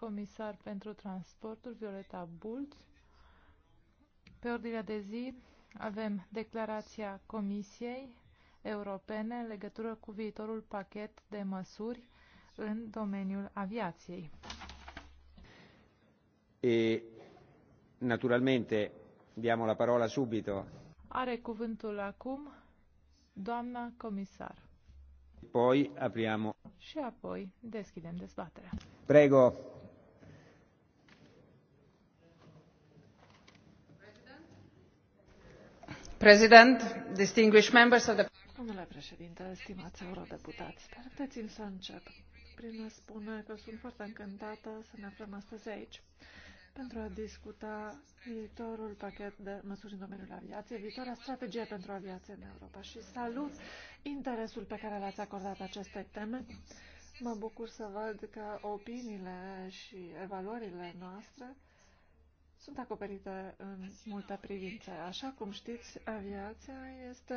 comisar pentru transporturi, Violeta Bult. Pe ordinea de zi avem declarația Comisiei Europene în legătură cu viitorul pachet de măsuri în domeniul aviației. E, naturalmente, diamo la parola subito. Are cuvântul acum doamna comisar. Poi apriamo. Și apoi deschidem dezbaterea. Prego. Domnule președinte, stimați eurodeputați, permiteți-mi să încep prin a spune că sunt foarte încântată să ne aflăm astăzi aici pentru a discuta viitorul pachet de măsuri în domeniul aviației, viitoarea strategie pentru aviație în Europa și salut interesul pe care l-ați acordat acestei teme. Mă bucur să văd că opiniile și evaluările noastre sunt acoperite în multe privințe. Așa cum știți, aviația este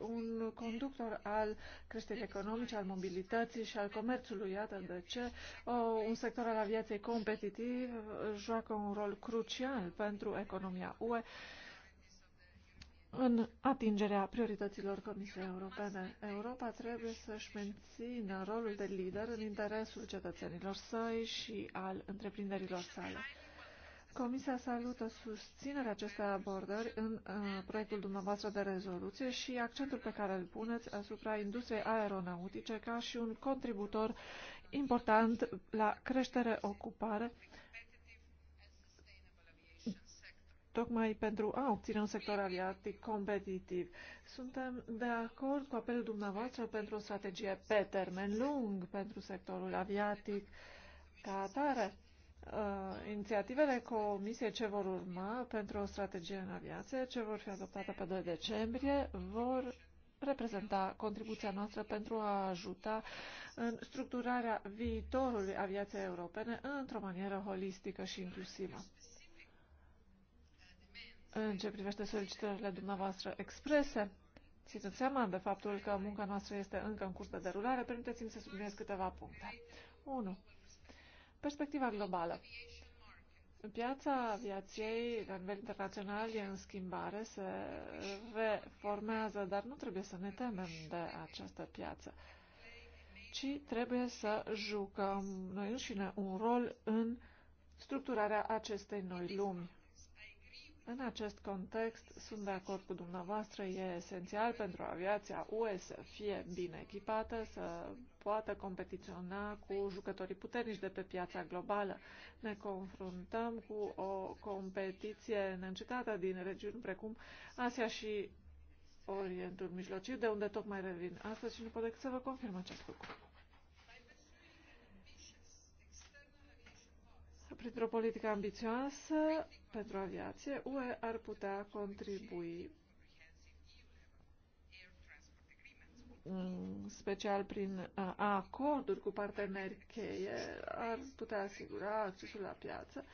un conductor al creșterii economice, al mobilității și al comerțului. Iată de ce o, un sector al aviației competitiv joacă un rol crucial pentru economia UE în atingerea priorităților Comisiei Europene. Europa trebuie să-și mențină rolul de lider în interesul cetățenilor săi și al întreprinderilor sale. Comisia salută susținerea acestei abordări în uh, proiectul dumneavoastră de rezoluție și accentul pe care îl puneți asupra industriei aeronautice ca și un contributor important la creștere, ocupare, tocmai pentru a obține un sector aviatic competitiv. Suntem de acord cu apelul dumneavoastră pentru o strategie pe termen lung pentru sectorul aviatic ca atare uh, inițiativele comisiei ce vor urma pentru o strategie în aviație, ce vor fi adoptate pe 2 decembrie, vor reprezenta contribuția noastră pentru a ajuta în structurarea viitorului aviației europene într-o manieră holistică și inclusivă. În ce privește solicitările dumneavoastră exprese, ținând seama de faptul că munca noastră este încă în curs de derulare, permiteți-mi să subliniez câteva puncte. 1. Perspectiva globală. Piața aviației la nivel internațional e în schimbare, se reformează, dar nu trebuie să ne temem de această piață, ci trebuie să jucăm noi înșine un rol în structurarea acestei noi lumi. În acest context, sunt de acord cu dumneavoastră, e esențial pentru aviația UE să fie bine echipată, să poată competiționa cu jucătorii puternici de pe piața globală. Ne confruntăm cu o competiție neîncetată din regiuni precum Asia și Orientul Mijlociu, de unde tocmai revin astăzi și nu pot decât să vă confirm acest lucru. Printr-o politică ambițioasă pentru aviație, UE ar putea contribui special prin uh, acorduri cu parteneri cheie, ar putea asigura accesul la piață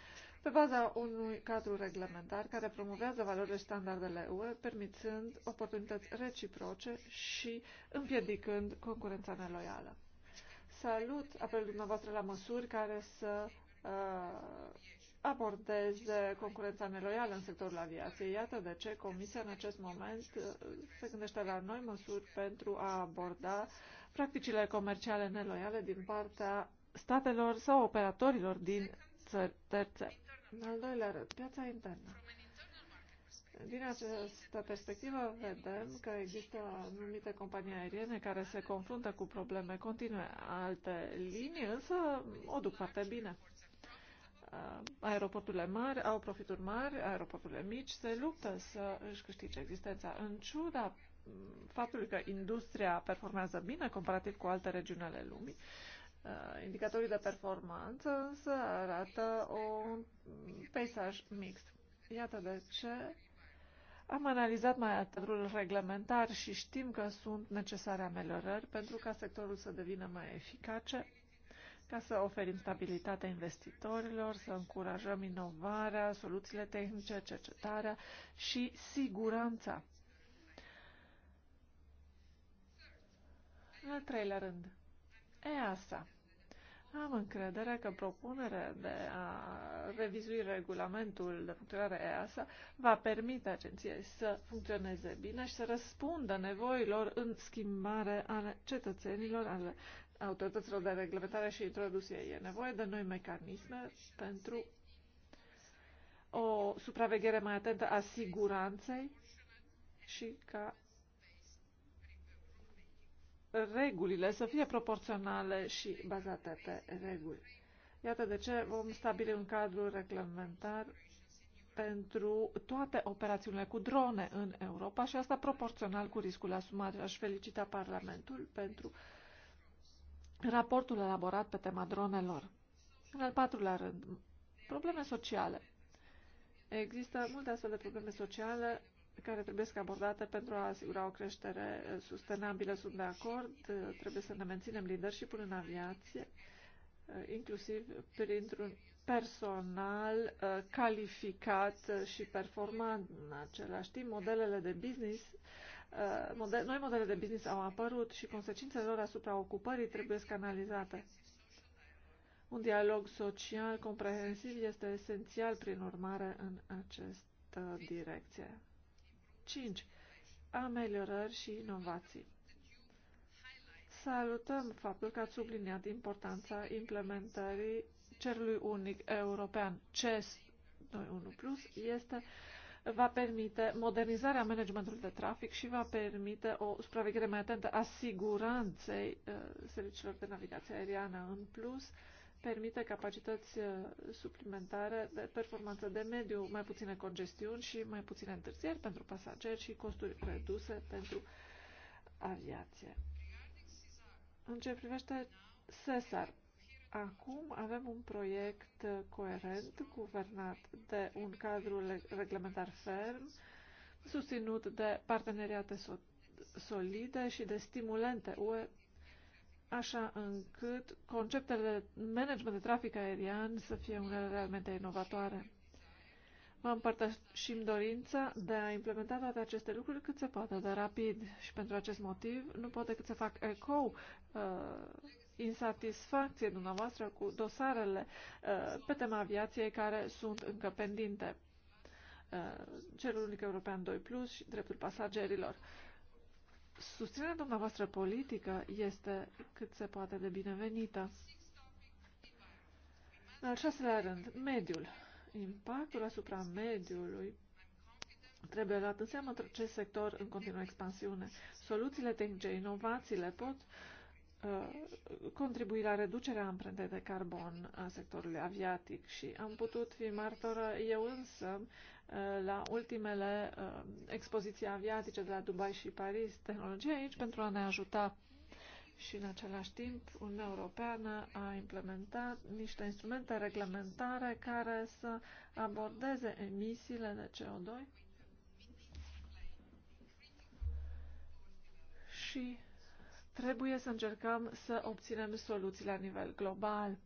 pe baza unui cadru reglementar care promovează valorile standardele UE, permițând oportunități reciproce și împiedicând concurența neloială. Salut apelul dumneavoastră la măsuri care să uh, abordeze concurența neloială în sectorul aviației. Iată de ce Comisia în acest moment se gândește la noi măsuri pentru a aborda practicile comerciale neloiale din partea statelor sau operatorilor din țări terțe. În al doilea rând, piața internă. Din această perspectivă vedem că există anumite companii aeriene care se confruntă cu probleme continue. Alte linii însă o duc foarte bine. Uh, aeroporturile mari au profituri mari, aeroporturile mici se luptă să își câștige existența. În ciuda mm, faptului că industria performează bine comparativ cu alte regiuni ale lumii, uh, indicatorii de performanță însă arată un peisaj mixt. Iată de ce am analizat mai atât reglementar și știm că sunt necesare ameliorări pentru ca sectorul să devină mai eficace ca să oferim stabilitatea investitorilor, să încurajăm inovarea, soluțiile tehnice, cercetarea și siguranța. În al treilea rând, EASA. Am încredere că propunerea de a revizui regulamentul de funcționare EASA va permite agenției să funcționeze bine și să răspundă nevoilor în schimbare ale cetățenilor, ale autorităților de reglementare și introducție. E nevoie de noi mecanisme pentru o supraveghere mai atentă a siguranței și ca regulile să fie proporționale și bazate pe reguli. Iată de ce vom stabili un cadru reglementar pentru toate operațiunile cu drone în Europa și asta proporțional cu riscul asumat. Aș felicita Parlamentul pentru uh, raportul elaborat pe tema dronelor. În al patrulea rând, probleme sociale. Există multe astfel de probleme sociale care trebuie să abordate pentru a asigura o creștere sustenabilă. Sunt de acord, trebuie să ne menținem leadership în aviație, inclusiv printr-un personal uh, calificat și performant. În același timp, modelele de business Uh, model, noi modele de business au apărut și consecințele lor asupra ocupării trebuie analizate. Un dialog social comprehensiv este esențial, prin urmare, în această direcție. 5. Ameliorări și inovații. Salutăm faptul că ați subliniat importanța implementării cerului unic european. CES 2.1 Plus este uh, va permite modernizarea managementului de trafic și va permite o supraveghere mai atentă a siguranței uh, serviciilor de navigație aeriană. În plus, permite capacități uh, suplimentare de performanță de mediu, mai puține congestiuni și mai puține întârzieri pentru pasageri și costuri reduse pentru aviație. În ce privește SESAR, Acum avem un proiect uh, coerent, guvernat de un cadru reglementar ferm, susținut de parteneriate solide și de stimulente UE, așa încât conceptele de management de trafic aerian să fie unele realmente inovatoare. Vă împărtășim dorința de a implementa toate aceste lucruri cât se poate de rapid și pentru acest motiv nu pot decât să fac eco uh, insatisfacție dumneavoastră cu dosarele uh, pe tema aviației care sunt încă pendinte. Uh, cerul unic european 2 plus și dreptul pasagerilor. Susținerea dumneavoastră politică este cât se poate de binevenită. În al șaselea rând, mediul. Impactul asupra mediului trebuie luat în seamă într ce sector în continuă expansiune. Soluțiile tehnice, inovațiile pot uh, Uh, contribui la reducerea amprentei de carbon a sectorului aviatic și am putut fi martoră eu însă uh, la ultimele uh, expoziții aviatice de la Dubai și Paris, tehnologia aici pentru a ne ajuta și în același timp Uniunea Europeană a implementat niște instrumente reglementare care să abordeze emisiile de CO2 și Trebuie să încercăm să obținem soluții la nivel global.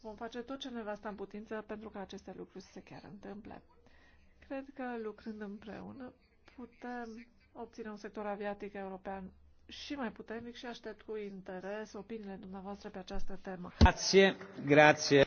Vom face tot ce ne va sta în putință pentru ca aceste lucruri să se chiar întâmple. Cred că lucrând împreună putem obține un sector aviatic european și mai puternic și aștept cu interes opiniile dumneavoastră pe această temă. Grazie, grazie.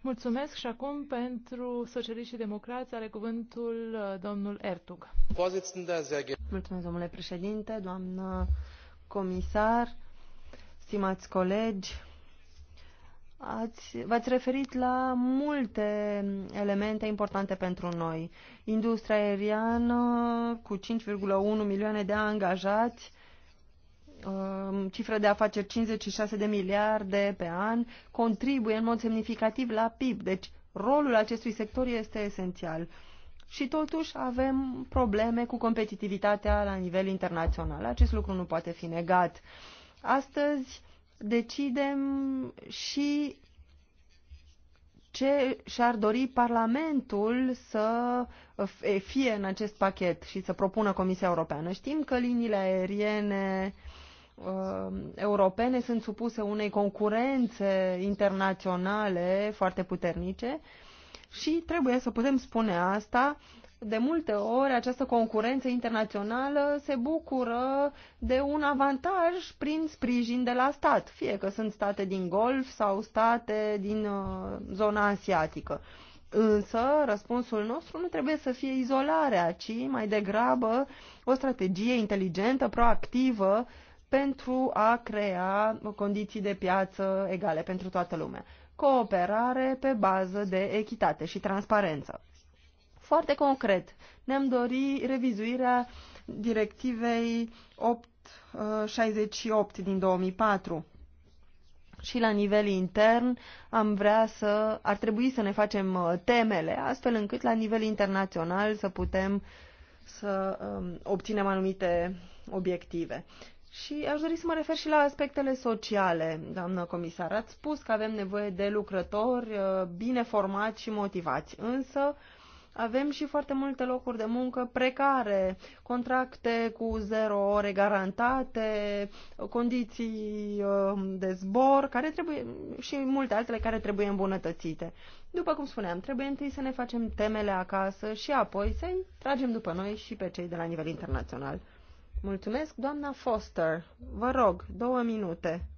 Mulțumesc și acum pentru socialiști și democrați are cuvântul uh, domnul Ertug. Mulțumesc, domnule președinte, doamnă comisar, stimați colegi. Ați, v-ați referit la multe elemente importante pentru noi. Industria aeriană cu 5,1 milioane de angajați, Um, cifră de afaceri 56 de miliarde pe an contribuie în mod semnificativ la PIB. Deci rolul acestui sector este esențial. Și totuși avem probleme cu competitivitatea la nivel internațional. Acest lucru nu poate fi negat. Astăzi decidem și ce și-ar dori Parlamentul să fie în acest pachet și să propună Comisia Europeană. Știm că liniile aeriene uh, Uh, europene sunt supuse unei concurențe internaționale foarte puternice și trebuie să putem spune asta. De multe ori această concurență internațională se bucură de un avantaj prin sprijin de la stat, fie că sunt state din Golf sau state din uh, zona asiatică. Însă, răspunsul nostru nu trebuie să fie izolarea, ci mai degrabă o strategie inteligentă, proactivă, pentru a crea condiții de piață egale pentru toată lumea. Cooperare pe bază de echitate și transparență. Foarte concret, ne-am dorit revizuirea directivei 868 uh, din 2004 și la nivel intern am vrea să, ar trebui să ne facem uh, temele, astfel încât la nivel internațional să putem să um, obținem anumite obiective. Și aș dori să mă refer și la aspectele sociale, doamnă comisar. Ați spus că avem nevoie de lucrători uh, bine formați și motivați, însă avem și foarte multe locuri de muncă precare, contracte cu zero ore garantate, condiții uh, de zbor care trebuie, și multe altele care trebuie îmbunătățite. După cum spuneam, trebuie întâi să ne facem temele acasă și apoi să-i tragem după noi și pe cei de la nivel internațional. Mulțumesc, doamna Foster. Vă rog, două minute.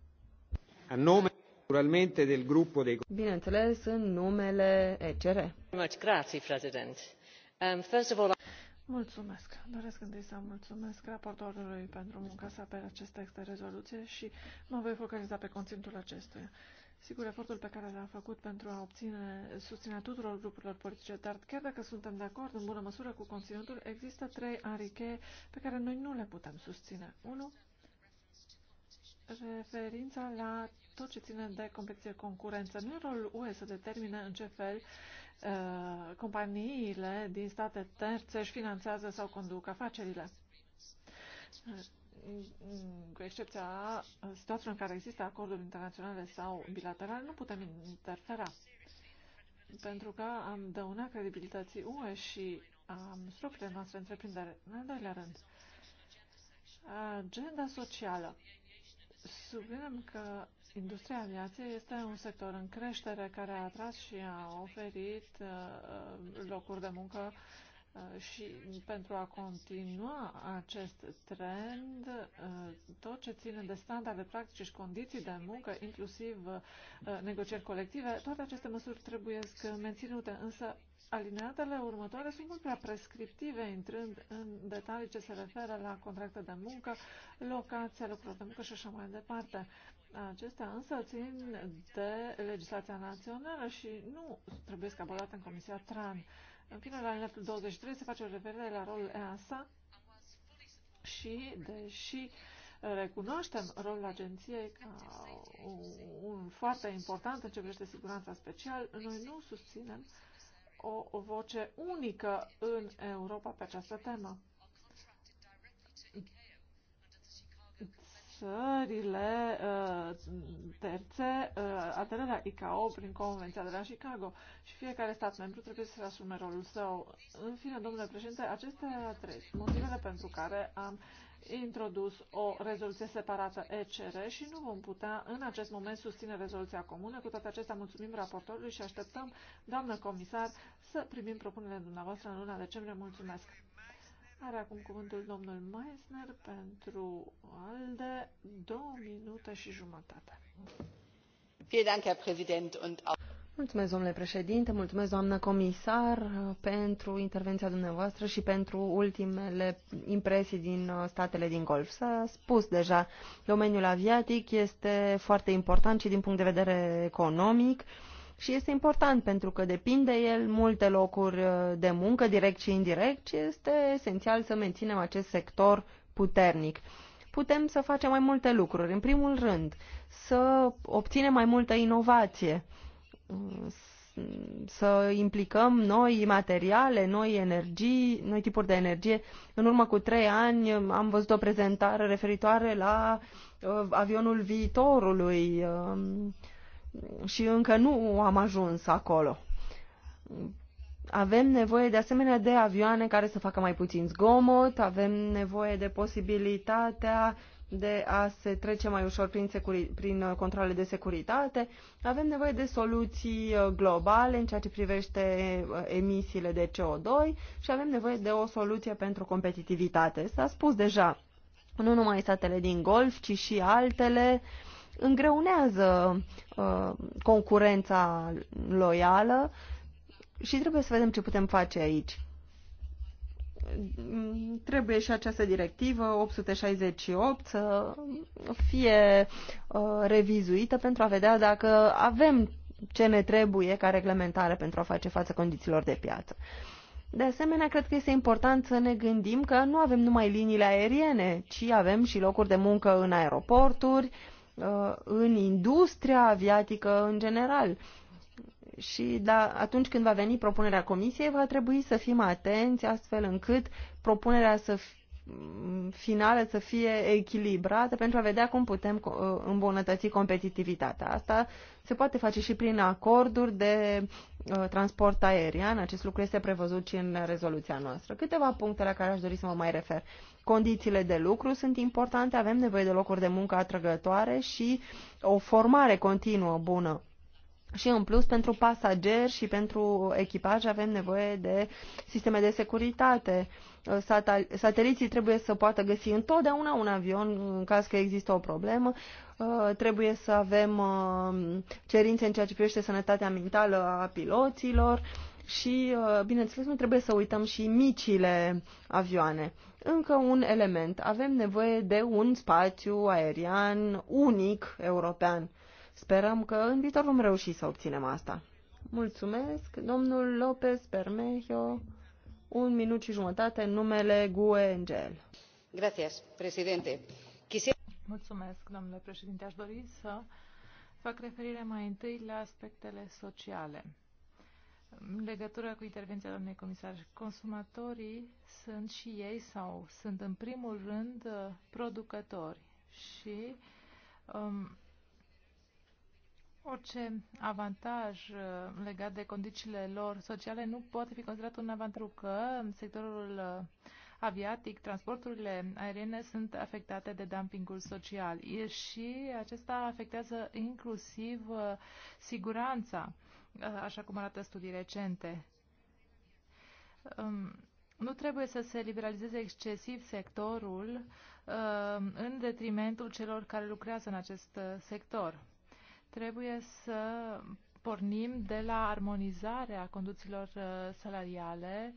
A nume, naturalmente, del gruppo de Bineînțeles, în numele ECR. Um, mulțumesc. Doresc întâi să mulțumesc raportorului pentru munca sa pe acest text de rezoluție și mă voi focaliza pe conținutul acestuia. Sigur, efortul pe care l-am făcut pentru a obține susținerea tuturor grupurilor politice, dar chiar dacă suntem de acord în bună măsură cu conținutul, există trei ariche pe care noi nu le putem susține. 1. Referința la tot ce ține de competiție concurență. Nu e rolul UE să determine în ce fel uh, companiile din state terțe își finanțează sau conduc afacerile cu excepția situațiilor în care există acorduri internaționale sau bilaterale, nu putem interfera. Pentru că am dăunat credibilității UE și am structurile noastre întreprindere. În al doilea rând, agenda socială. Subliniem că industria aviației este un sector în creștere care a atras și a oferit uh, locuri de muncă Uh, și pentru a continua acest trend, uh, tot ce ține de standarde practice și condiții de muncă, inclusiv uh, negocieri colective, toate aceste măsuri trebuie menținute, însă alineatele următoare sunt mult prea prescriptive, intrând în detalii ce se referă la contracte de muncă, locația lucrurilor de muncă și așa mai departe. Acestea însă țin de legislația națională și nu trebuie abordate în Comisia TRAN. În fine, la alineatul 23 se face o referire la rolul EASA și, deși recunoaștem rolul agenției ca un foarte important în ce privește siguranța special, noi nu susținem o voce unică în Europa pe această temă. țările uh, terțe uh, aderarea ICAO prin Convenția de la Chicago și fiecare stat membru trebuie să-și asume rolul său. În fine, domnule președinte, acestea trei motivele pentru care am introdus o rezoluție separată ECR și nu vom putea în acest moment susține rezoluția comună. Cu toate acestea, mulțumim raportorului și așteptăm, doamnă comisar, să primim propunerea dumneavoastră în luna decembrie. Mulțumesc! Are acum cuvântul domnul Meisner pentru ALDE, două minute și jumătate. Mulțumesc, domnule președinte, mulțumesc, doamnă comisar, pentru intervenția dumneavoastră și pentru ultimele impresii din uh, statele din Golf. S-a spus deja, domeniul aviatic este foarte important și din punct de vedere economic și este important pentru că depinde de el multe locuri uh, de muncă, direct și indirect, și este esențial să menținem acest sector puternic. Putem să facem mai multe lucruri. În primul rând, să obținem mai multă inovație, mm, să implicăm noi materiale, noi energii, noi tipuri de energie. În urmă cu trei ani um, am văzut o prezentare referitoare la uh, avionul viitorului, um, și încă nu am ajuns acolo. Avem nevoie de asemenea de avioane care să facă mai puțin zgomot, avem nevoie de posibilitatea de a se trece mai ușor prin, securi- prin uh, controle de securitate. Avem nevoie de soluții uh, globale în ceea ce privește uh, emisiile de CO2 și avem nevoie de o soluție pentru competitivitate. S-a spus deja, nu numai statele din Golf, ci și altele îngreunează uh, concurența loială și trebuie să vedem ce putem face aici. Trebuie și această directivă 868 să fie uh, revizuită pentru a vedea dacă avem ce ne trebuie ca reglementare pentru a face față condițiilor de piață. De asemenea, cred că este important să ne gândim că nu avem numai liniile aeriene, ci avem și locuri de muncă în aeroporturi, uh, Uh, în industria aviatică în general. Și da, atunci când va veni propunerea comisiei, va trebui să fim atenți astfel încât propunerea să finale să fie echilibrate pentru a vedea cum putem uh, îmbunătăți competitivitatea. Asta se poate face și prin acorduri de uh, transport aerian. Acest lucru este prevăzut și în rezoluția noastră. Câteva puncte la care aș dori să mă mai refer. Condițiile de lucru sunt importante, avem nevoie de locuri de muncă atrăgătoare și o formare continuă bună și în plus, pentru pasageri și pentru echipaj avem nevoie de sisteme de securitate. sateliții trebuie să poată găsi întotdeauna un avion în caz că există o problemă. Uh, trebuie să avem uh, cerințe în ceea ce privește sănătatea mentală a piloților și, uh, bineînțeles, nu trebuie să uităm și micile avioane. Încă un element. Avem nevoie de un spațiu aerian unic european Sperăm că în viitor vom reuși să obținem asta. Mulțumesc, domnul Lopez Permejo, un minut și jumătate numele GUE Angel. Gracias, președinte. Mulțumesc, domnule președinte. Aș dori să fac referire mai întâi la aspectele sociale. În legătură cu intervenția doamnei comisar, consumatorii sunt și ei sau sunt în primul rând uh, producători și um, Orice avantaj uh, legat de condițiile lor sociale nu poate fi considerat un avantaj, pentru că sectorul uh, aviatic, transporturile aeriene sunt afectate de dumpingul social și acesta afectează inclusiv uh, siguranța, așa cum arată studii recente. Um, nu trebuie să se liberalizeze excesiv sectorul în detrimentul celor care lucrează în acest sector. Trebuie să pornim de la armonizarea condițiilor uh, salariale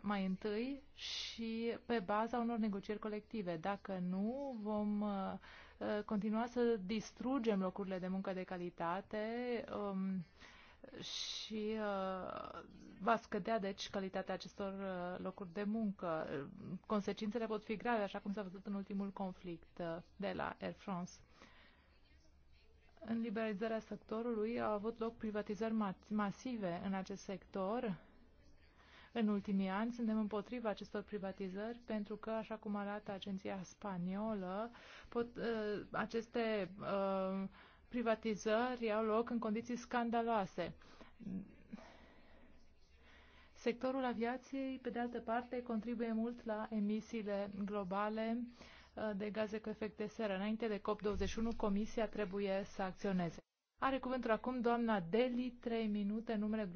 mai întâi și pe baza unor negocieri colective. Dacă nu, vom uh, uh, continua să distrugem locurile de muncă de calitate um, și va scădea, deci, calitatea acestor locuri de muncă. Consecințele pot fi grave, așa cum s-a văzut în ultimul conflict de la Air France. În liberalizarea sectorului au avut loc privatizări masive în acest sector. În ultimii ani suntem împotriva acestor privatizări pentru că, așa cum arată agenția spaniolă, pot, uh, aceste uh, privatizări au loc în condiții scandaloase. Sectorul aviației, pe de altă parte, contribuie mult la emisiile globale uh, Uh, de gaze cu efect de seră. Înainte de COP21, Comisia trebuie să acționeze. Are cuvântul acum doamna Deli, trei minute, numele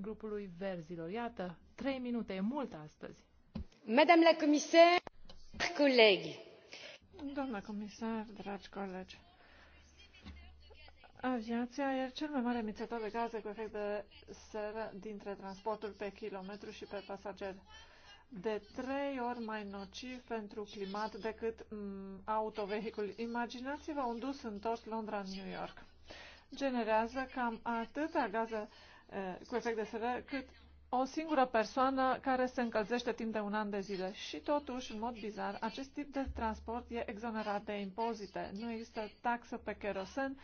grupului verzilor. Iată, Trei minute, e mult astăzi. Madame la comisar, colegi. Doamna comisar, dragi colegi. Aviația e cel mai mare emițător de gaze cu efect de seră dintre transportul pe kilometru și pe pasager de trei ori mai nociv pentru climat decât m, mm, autovehicul. Imaginați-vă un dus întors Londra-New York. Generează cam atâtea gaze cu efect de seră cât o singură persoană care se încălzește timp de un an de zile. Și totuși, în mod bizar, acest tip de transport e exonerat de impozite. Nu există taxă pe kerosen,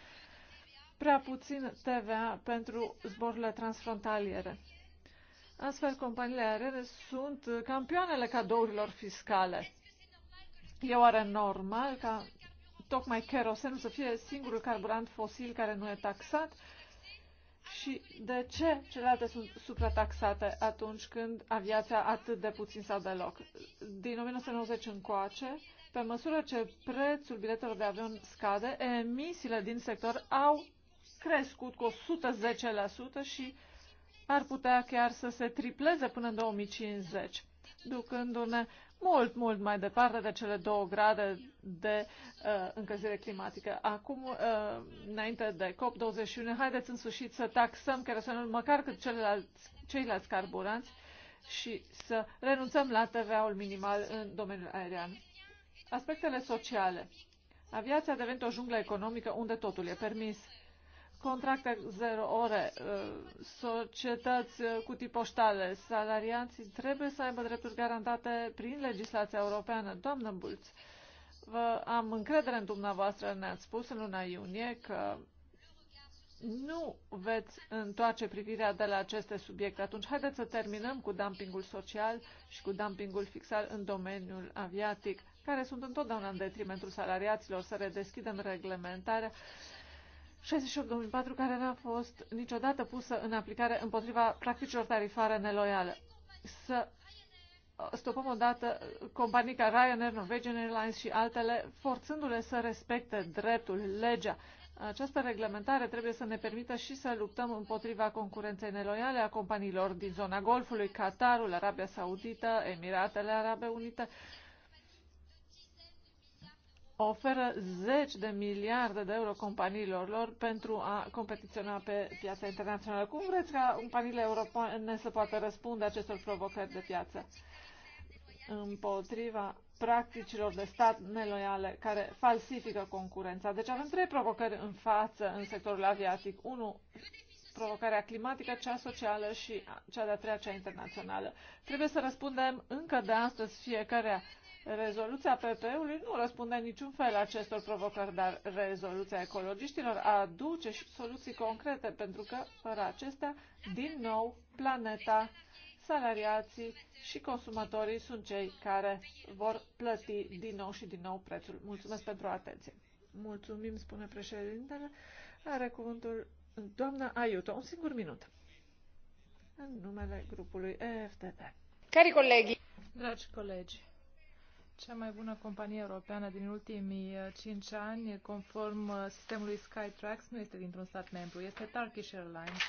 prea puțin TVA pentru zborurile transfrontaliere. Astfel, companiile aeriene sunt campioanele cadourilor fiscale. E oare normal ca tocmai kerosenul să fie singurul carburant fosil care nu e taxat? Și de ce celelalte sunt suprataxate atunci când aviația atât de puțin sau deloc? Din 1990 încoace, pe măsură ce prețul biletelor de avion scade, emisiile din sector au crescut cu 110% și ar putea chiar să se tripleze până în 2050, ducându-ne mult, mult mai departe de cele două grade de uh, încălzire climatică. Acum, uh, înainte de COP21, haideți în sfârșit să taxăm kerosenul măcar cât ceilalți, ceilalți carburanți și să renunțăm la TVA-ul minimal în domeniul aerian. Aspectele sociale. Aviația a devenit o junglă economică unde totul e permis contracte zero ore, uh, societăți uh, cu tip poștale, salarianții trebuie să aibă drepturi garantate prin legislația europeană. Doamnă Bulț, vă am încredere în dumneavoastră, ne-ați spus în luna iunie că nu veți întoarce privirea de la aceste subiecte. Atunci, haideți să terminăm cu dumpingul social și cu dumpingul fixal în domeniul aviatic, care sunt întotdeauna în detrimentul salariaților, să redeschidem reglementarea 68.4 care n-a fost niciodată pusă în aplicare împotriva practicilor tarifare neloiale. Să uh, stopăm odată companii ca Ryanair, Norwegian Airlines și altele, forțându-le să respecte dreptul, legea. Această reglementare trebuie să ne permită și să luptăm împotriva concurenței neloiale a companiilor din zona Golfului, Qatarul, Arabia Saudită, Emiratele Arabe Unite, oferă 10 de miliarde de euro companiilor lor pentru a competiționa pe piața internațională. Cum vreți ca companiile europene să poată răspunde acestor provocări de piață? împotriva practicilor de stat neloiale care falsifică concurența. Deci avem trei provocări în față în sectorul aviatic. Unu, provocarea climatică, cea socială și cea de-a treia, cea internațională. Trebuie să răspundem încă de astăzi fiecarea Rezoluția PP-ului nu răspunde în niciun fel acestor provocări, dar rezoluția ecologiștilor aduce și soluții concrete, pentru că, fără acestea, din nou, planeta, salariații și consumatorii sunt cei care vor plăti din nou și din nou prețul. Mulțumesc pentru atenție. Mulțumim, spune președintele. Are cuvântul doamna Aiuto. Un singur minut. În numele grupului EFTT. Cari colegi! Dragi colegi, cea mai bună companie europeană din ultimii 5 uh, ani, conform uh, sistemului Skytrax, nu este dintr-un stat membru, este Turkish Airlines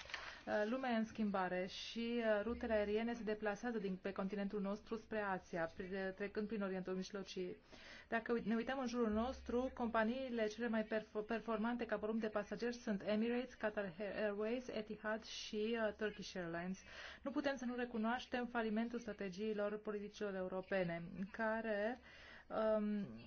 Uh, lumea e în schimbare și uh, rutele aeriene se deplasează din, pe continentul nostru spre Asia, uh, trecând prin Orientul Mijlociu. Dacă ne uităm în jurul nostru, companiile cele mai performante ca volum de pasageri sunt Emirates, Qatar Airways, Etihad și Turkish Airlines. Nu putem să nu recunoaștem falimentul strategiilor politicilor europene, care uh, Um,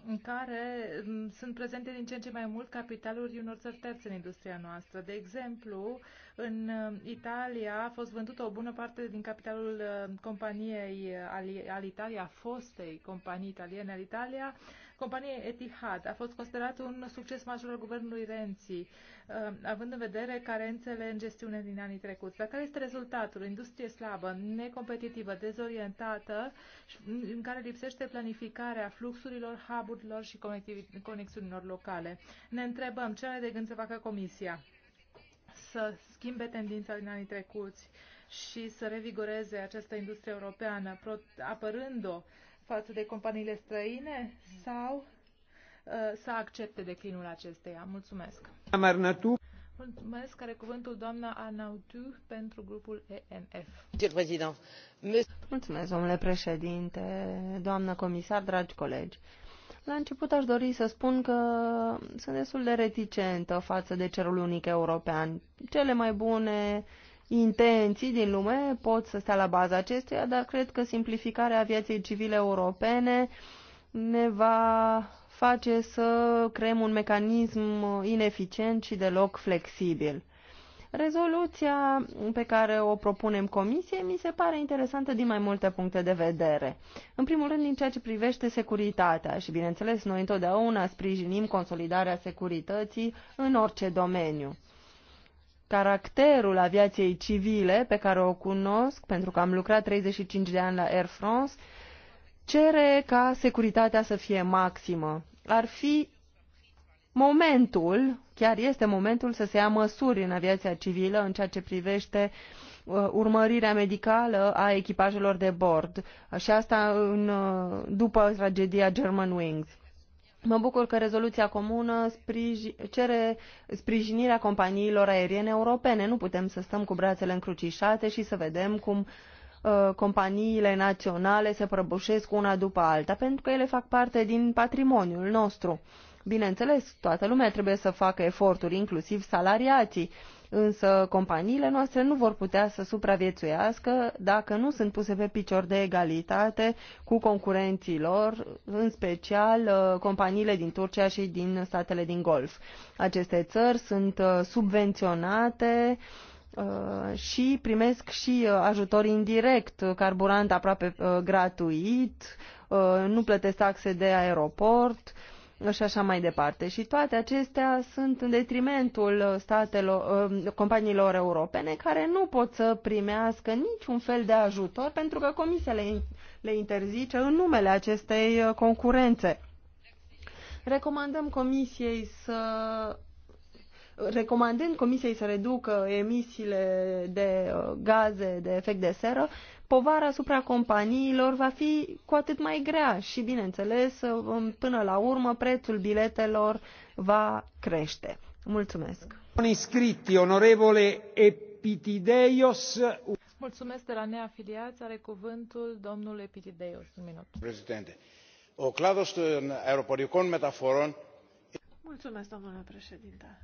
în care um, sunt prezente din ce în ce mai mult capitaluri unor țări terțe în industria noastră. De exemplu, în um, Italia a fost vândută o bună parte din capitalul uh, companiei uh, al Italia, fostei companii italiene Italia. Compania Etihad. A fost considerat un succes major al guvernului Renzi, uh, având în vedere carențele în gestiune din anii trecuți. Dar care este rezultatul? Industrie slabă, necompetitivă, dezorientată, mm, în care lipsește planificarea fluxurilor, hub-urilor și conexiunilor locale. Ne întrebăm ce are de gând să facă Comisia să schimbe tendința din anii trecuți și să revigoreze această industrie europeană, apărând-o uh, față de companiile străine sau uh, să accepte declinul acesteia. Mulțumesc. Mulțumesc. Are cuvântul doamna Anautu pentru grupul ENF. Mulțumesc, domnule președinte, doamnă comisar, dragi colegi. La început aș dori să spun că sunt destul de reticentă față de cerul unic european. Cele mai bune uh, intenții din lume pot să stea la baza acestuia, dar cred că simplificarea vieții civile europene ne va face să creăm un mecanism ineficient și deloc flexibil. Rezoluția pe care o propunem comisiei mi se pare interesantă din mai multe puncte de vedere. În primul rând, din ceea ce privește securitatea și, bineînțeles, noi întotdeauna sprijinim consolidarea securității în orice domeniu caracterul aviației civile pe care o cunosc, pentru că am lucrat 35 de ani la Air France, cere ca securitatea să fie maximă. Ar fi momentul, chiar este momentul să se ia măsuri în aviația civilă în ceea ce privește uh, urmărirea medicală a echipajelor de bord și asta în, uh, după tragedia German Wings Mă bucur că rezoluția comună sprij cere sprijinirea companiilor aeriene europene. Nu putem să stăm cu brațele încrucișate și să vedem cum uh, companiile naționale se prăbușesc una după alta, pentru că ele fac parte din patrimoniul nostru. Bineînțeles, toată lumea trebuie să facă eforturi, inclusiv salariații, însă companiile noastre nu vor putea să supraviețuiască dacă nu sunt puse pe picior de egalitate cu concurenții lor, în special uh, companiile din Turcia și din statele din Golf. Aceste țări sunt uh, subvenționate uh, și primesc și ajutor indirect, carburant aproape gratuit, nu plătesc taxe de aeroport, și așa mai departe. Și toate acestea sunt în detrimentul statelor, ă, companiilor europene care nu pot să primească niciun fel de ajutor pentru că comisia le, le interzice în numele acestei ă, concurențe. Recomandăm comisiei să recomandând Comisiei să reducă emisiile de ă, gaze de efect de seră, povara asupra companiilor va fi cu atât mai grea și, bineînțeles, până la urmă, prețul biletelor va crește. Mulțumesc! Iscritti, onorevole Epitideios. Mulțumesc de la neafiliați. Are cuvântul domnul Epitideios. Un minut. Președinte, o cladost în aeroporticon metaforon. Mulțumesc, domnule președinte.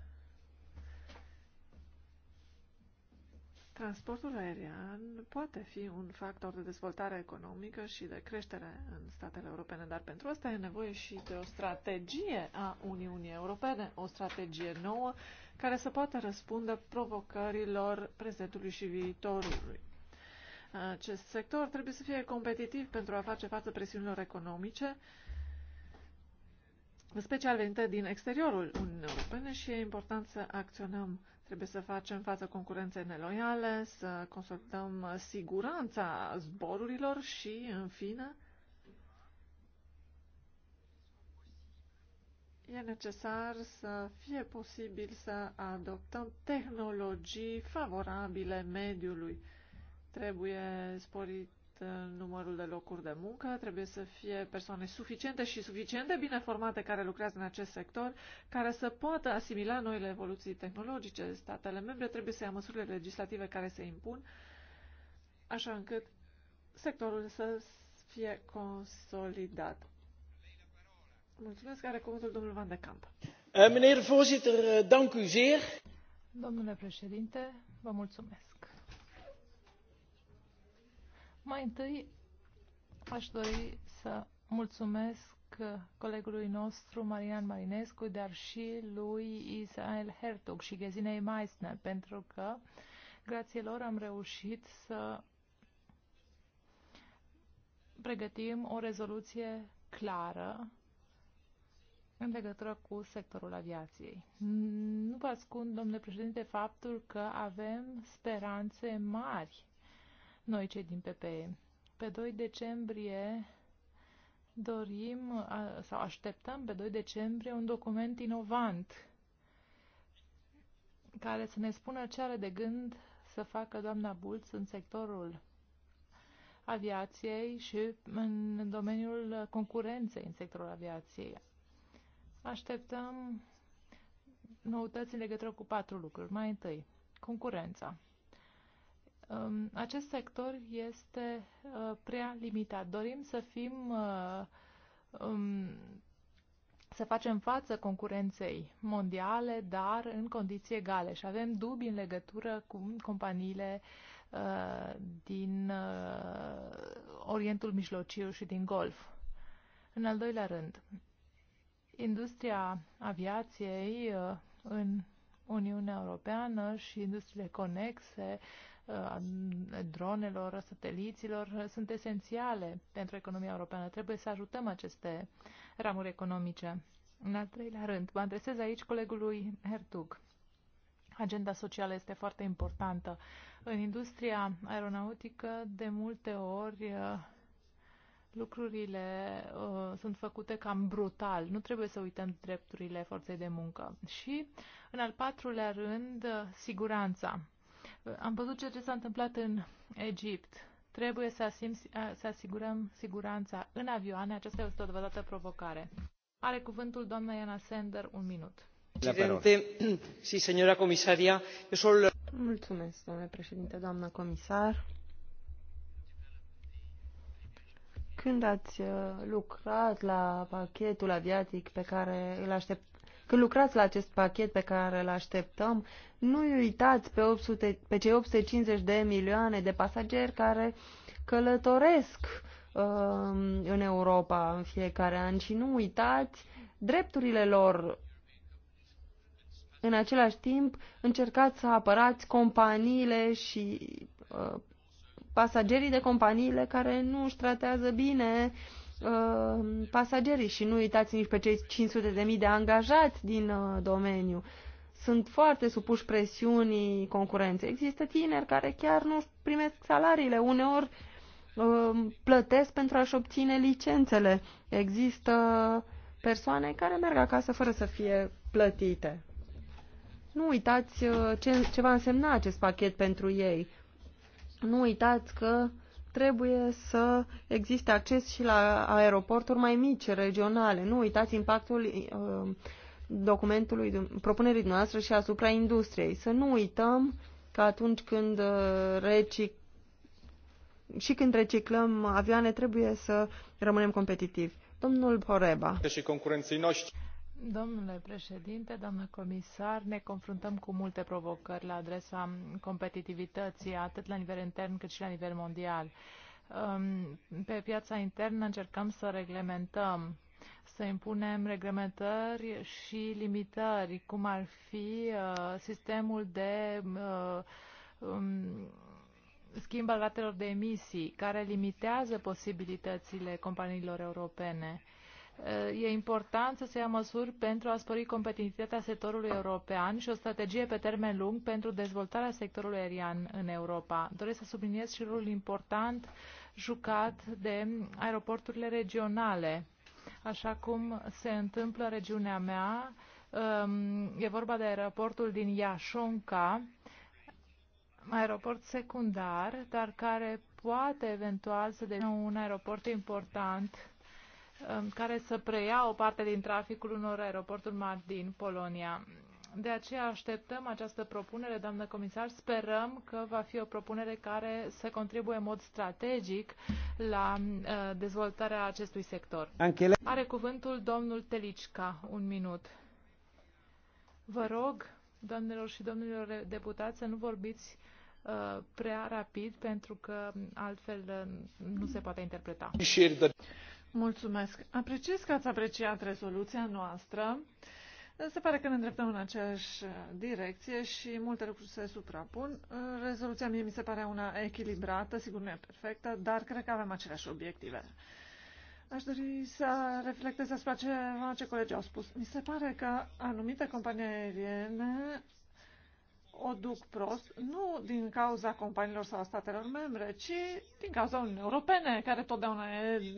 Transportul aerian poate fi un factor de dezvoltare economică și de creștere în statele europene, dar pentru asta e nevoie și de o strategie a Uniunii Europene, o strategie nouă care să poată răspunde provocărilor prezentului și viitorului. Acest sector trebuie să fie competitiv pentru a face față presiunilor economice, special venite din exteriorul Uniunii Europene și e important să acționăm Trebuie să facem față concurenței neloiale, să consolidăm siguranța zborurilor și, în fine, e necesar să fie posibil să adoptăm tehnologii favorabile mediului. Trebuie sporit numărul de locuri de muncă, trebuie să fie persoane suficiente și suficient de bine formate care lucrează în acest sector, care să poată asimila noile evoluții tehnologice. Statele membre trebuie să ia măsurile legislative care se impun, așa încât sectorul să fie consolidat. Mulțumesc, are cuvântul domnul Van de Camp. Eh, meneer voorzitter, eh, dank u zeer. Domnule președinte, vă mulțumesc. Mai întâi aș dori să mulțumesc colegului nostru Marian Marinescu, dar și lui Israel Hertog și Gezinei Meissner, pentru că grație lor am reușit să pregătim o rezoluție clară în legătură cu sectorul aviației. Nu vă ascund, domnule președinte, faptul că avem speranțe mari noi cei din PPE. Pe 2 decembrie dorim sau așteptăm pe 2 decembrie un document inovant care să ne spună ce are de gând să facă doamna Bulț în sectorul aviației și în domeniul concurenței în sectorul aviației. Așteptăm noutăți în legătură cu patru lucruri. Mai întâi, concurența. Um, acest sector este uh, prea limitat. Dorim să fim uh, um, să facem față concurenței mondiale, dar în condiții egale și avem dubii în legătură cu companiile uh, din Orientul Mijlociu și din Golf. În al doilea rând, industria aviației în Uniunea Europeană și industriile conexe uh, dronelor, sateliților, sunt esențiale pentru economia europeană. Trebuie să ajutăm aceste ramuri economice. În al treilea rând, mă adresez aici colegului Hertug. Agenda socială este foarte importantă. În industria aeronautică, de multe ori, uh, lucrurile uh, sunt făcute cam brutal. Nu trebuie să uităm drepturile forței de muncă. Și, în al patrulea rând, siguranța. Am văzut ceea ce s-a întâmplat în Egipt. Trebuie să, asim, să asigurăm siguranța în avioane. Aceasta este o adevărată provocare. Are cuvântul doamna Iana Sender, un minut. Presidente, sí, señora comisaria, eu solo... Mulțumesc, domnule președinte, doamnă comisar. Când ați uh, lucrat la pachetul aviatic pe care îl aștept, când lucrați la acest pachet pe care îl așteptăm, nu uitați pe, 800, pe cei 850 de milioane de pasageri care călătoresc uh, în Europa în fiecare an și nu uitați drepturile lor. În același timp, încercați să apărați companiile și uh, pasagerii de companiile care nu își tratează bine uh, Uh, pasagerii și nu uitați nici pe cei 500.000 de angajați din uh, domeniu. Sunt foarte supuși presiunii concurenței. Există tineri care chiar nu primesc salariile, uneori uh, plătesc pentru a-și obține licențele. Există persoane care merg acasă fără să fie plătite. Nu uitați ce, ce va însemna acest pachet pentru ei. Nu uitați că uh, trebuie să existe acces și la aeroporturi mai mici, regionale. Nu uitați impactul uh, documentului, propunerii noastre și asupra industriei. Să nu uităm că atunci când uh, recic și când reciclăm avioane trebuie să rămânem competitivi. Domnul Poreba. Și concurenții noștri. Domnule președinte, doamnă comisar, ne confruntăm cu multe provocări la adresa competitivității, atât la nivel intern cât și la nivel mondial. Um, pe piața internă încercăm să reglementăm, să impunem reglementări și limitări, cum ar fi uh, sistemul de uh, um, schimb al ratelor de emisii, care limitează posibilitățile companiilor europene Eh, e important să se ia măsuri pentru a spori competitivitatea sectorului european și o strategie pe termen lung pentru dezvoltarea sectorului aerian în Europa. Doresc să subliniez și rolul important jucat de aeroporturile regionale, așa cum se întâmplă în regiunea mea. Ehm, e vorba de aeroportul din Iașonca, aeroport secundar, dar care poate eventual să devină un aeroport important Um, care să preia o parte din traficul unor aeroporturi mari din Polonia. De aceea așteptăm această propunere, doamnă comisar. Sperăm că va fi o propunere care să contribuie în mod strategic la uh, dezvoltarea acestui sector. Anchele. Are cuvântul domnul Telicca. Un minut. Vă rog, doamnelor și domnilor deputați, să nu vorbiți uh, prea rapid, pentru că altfel uh, nu se poate interpreta. Mulțumesc. Apreciez că ați apreciat rezoluția noastră. Se pare că ne îndreptăm în aceeași uh, direcție și multe lucruri se suprapun. Uh, rezoluția mie mi se pare una echilibrată, sigur nu e perfectă, dar cred că avem aceleași obiective. Aș dori să reflectez asupra ceva ce colegii au spus. Mi se pare că anumite companii aeriene o duc prost, nu din cauza companiilor sau a statelor membre, ci din cauza Uniunii Europene, care totdeauna e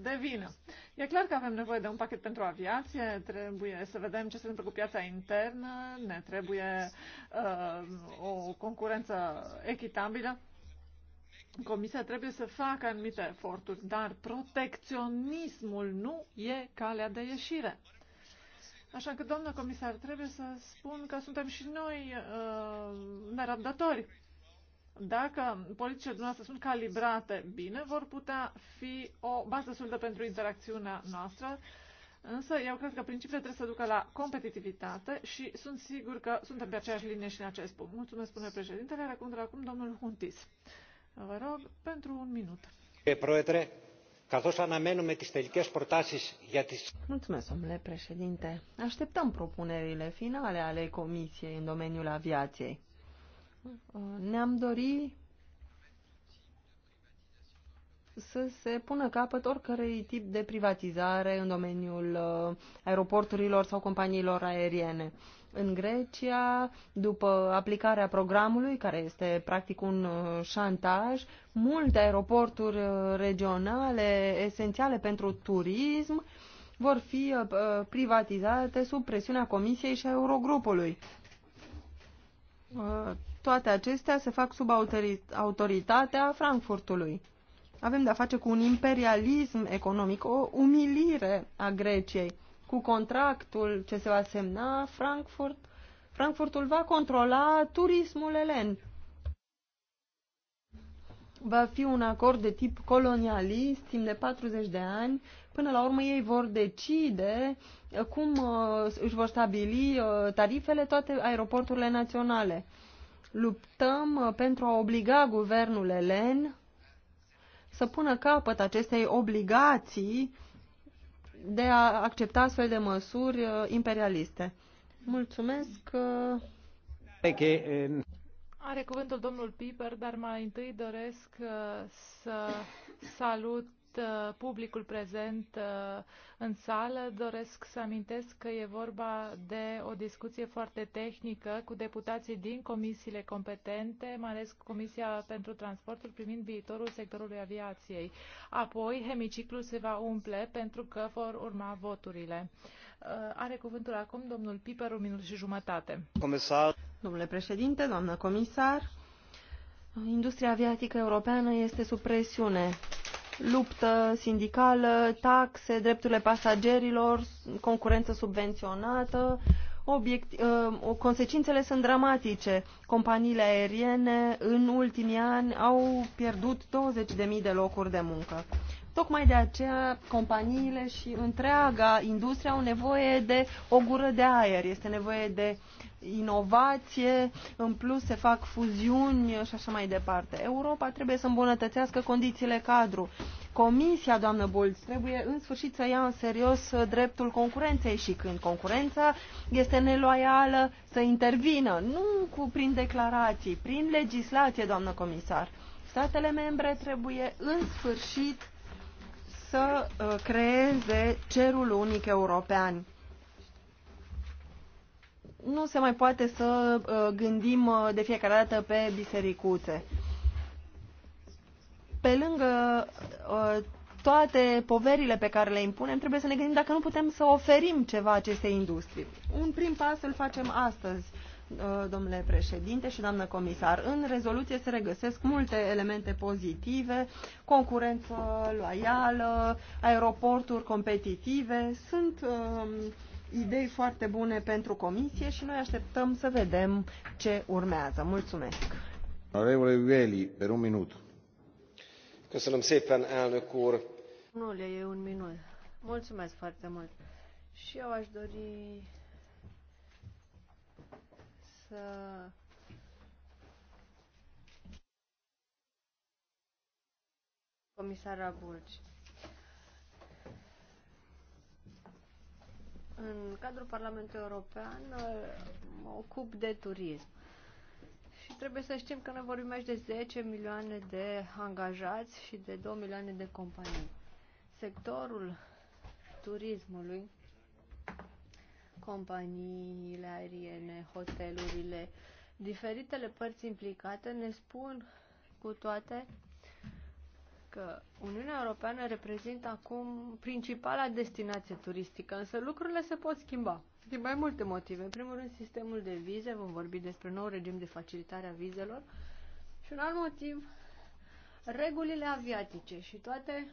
de vină. E clar că avem nevoie de un pachet pentru aviație, trebuie să vedem ce se întâmplă cu piața internă, ne trebuie uh, o concurență echitabilă. Comisia trebuie să facă anumite eforturi, dar protecționismul nu e calea de ieșire. Așa că, doamnă comisar, trebuie să spun că suntem și noi uh, nerăbdători. Dacă politicile dumneavoastră sunt calibrate bine, vor putea fi o bază solidă pentru interacțiunea noastră, însă eu cred că principiile trebuie să ducă la competitivitate și sunt sigur că suntem pe aceeași linie și în acest punct. Mulțumesc, spune președintele, acum acum domnul Huntis. Vă rog, pentru un minut. E proetre. Mulțumesc, domnule președinte. Așteptăm propunerile finale ale Comisiei în domeniul aviației. Ne-am dorit să se pună capăt oricărei tip de privatizare în domeniul uh, aeroporturilor sau companiilor aeriene în Grecia, după aplicarea programului, care este practic un uh, șantaj, multe aeroporturi uh, regionale esențiale pentru turism vor fi uh, privatizate sub presiunea Comisiei și a Eurogrupului. Toate acestea se fac sub autoritatea Frankfurtului. Avem de-a face cu un imperialism economic, o umilire a Greciei cu contractul ce se va semna, Frankfurt, Frankfurtul va controla turismul elen. Va fi un acord de tip colonialist timp de 40 de ani. Până la urmă ei vor decide uh, cum uh, își vor stabili uh, tarifele toate aeroporturile naționale. Luptăm uh, pentru a obliga guvernul elen să pună capăt acestei obligații de a accepta astfel de măsuri uh, imperialiste. Mulțumesc. Uh, eh, Are cuvântul domnul Piper, dar mai întâi doresc uh, să salut Uh, publicul prezent uh, în sală. Doresc să amintesc că e vorba de o discuție foarte tehnică cu deputații din comisiile competente, mai ales Comisia pentru Transportul privind viitorul sectorului aviației. Apoi, hemiciclul se va umple pentru că vor urma voturile. Uh, are cuvântul acum domnul Piper, un minut și jumătate. Comisar. Domnule președinte, doamnă comisar, Industria aviatică europeană este sub presiune luptă sindicală, taxe, drepturile pasagerilor, concurență subvenționată. Obiect, uh, consecințele sunt dramatice. Companiile aeriene în ultimii ani au pierdut 20.000 de locuri de muncă. Tocmai de aceea companiile și întreaga industrie au nevoie de o gură de aer, este nevoie de inovație, în plus se fac fuziuni și așa mai departe. Europa trebuie să îmbunătățească condițiile cadru. Comisia, doamnă Bulț, trebuie în sfârșit să ia în serios dreptul concurenței și când concurența este neloială să intervină, nu cu, prin declarații, prin legislație, doamnă comisar. Statele membre trebuie în sfârșit să uh, creeze cerul unic european. Nu se mai poate să uh, gândim uh, de fiecare dată pe bisericuțe. Pe lângă toate poverile pe care le impunem, trebuie să ne gândim dacă nu putem să oferim ceva acestei industrii. Un prim pas îl facem astăzi Uh, domnule președinte și doamnă comisar. În rezoluție se regăsesc multe elemente pozitive, concurență loială, aeroporturi competitive. Sunt uh, idei foarte bune pentru comisie și noi așteptăm să vedem ce urmează. Mulțumesc. Onorevole Ueli, per un minut. Köszönöm szépen, elnök úr. Nu, e un minut. Mulțumesc foarte mult. Și eu aș dori să comisara Bulci. În cadrul Parlamentului European mă ocup de turism. Și trebuie să știm că noi vorbim aici de 10 milioane de angajați și de 2 milioane de companii. Sectorul turismului companiile aeriene, hotelurile, diferitele părți implicate ne spun cu toate că Uniunea Europeană reprezintă acum principala destinație turistică, însă lucrurile se pot schimba. Din mai multe motive. În primul rând, sistemul de vize, vom vorbi despre nou regim de facilitare a vizelor. Și un alt motiv, regulile aviatice și toate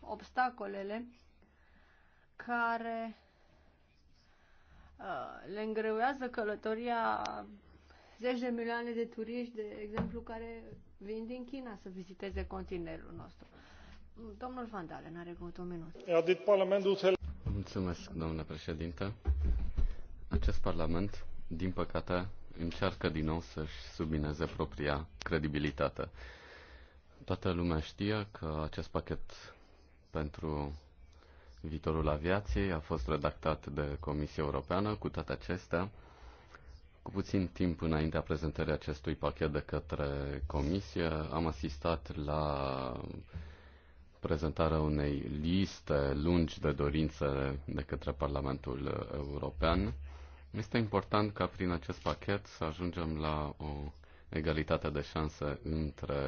obstacolele care Uh, le îngreuează călătoria zeci de milioane de turiști, de exemplu, care vin din China să viziteze continentul nostru. Domnul Van Dalen are cuvântul un minut. Mulțumesc, domnule președinte. Acest parlament, din păcate, încearcă din nou să-și submineze propria credibilitate. Toată lumea știe că acest pachet pentru viitorul aviației a fost redactat de Comisia Europeană. Cu toate acestea, cu puțin timp înaintea prezentării acestui pachet de către Comisie, am asistat la prezentarea unei liste lungi de dorințe de către Parlamentul European. Este important ca prin acest pachet să ajungem la o egalitate de șanse între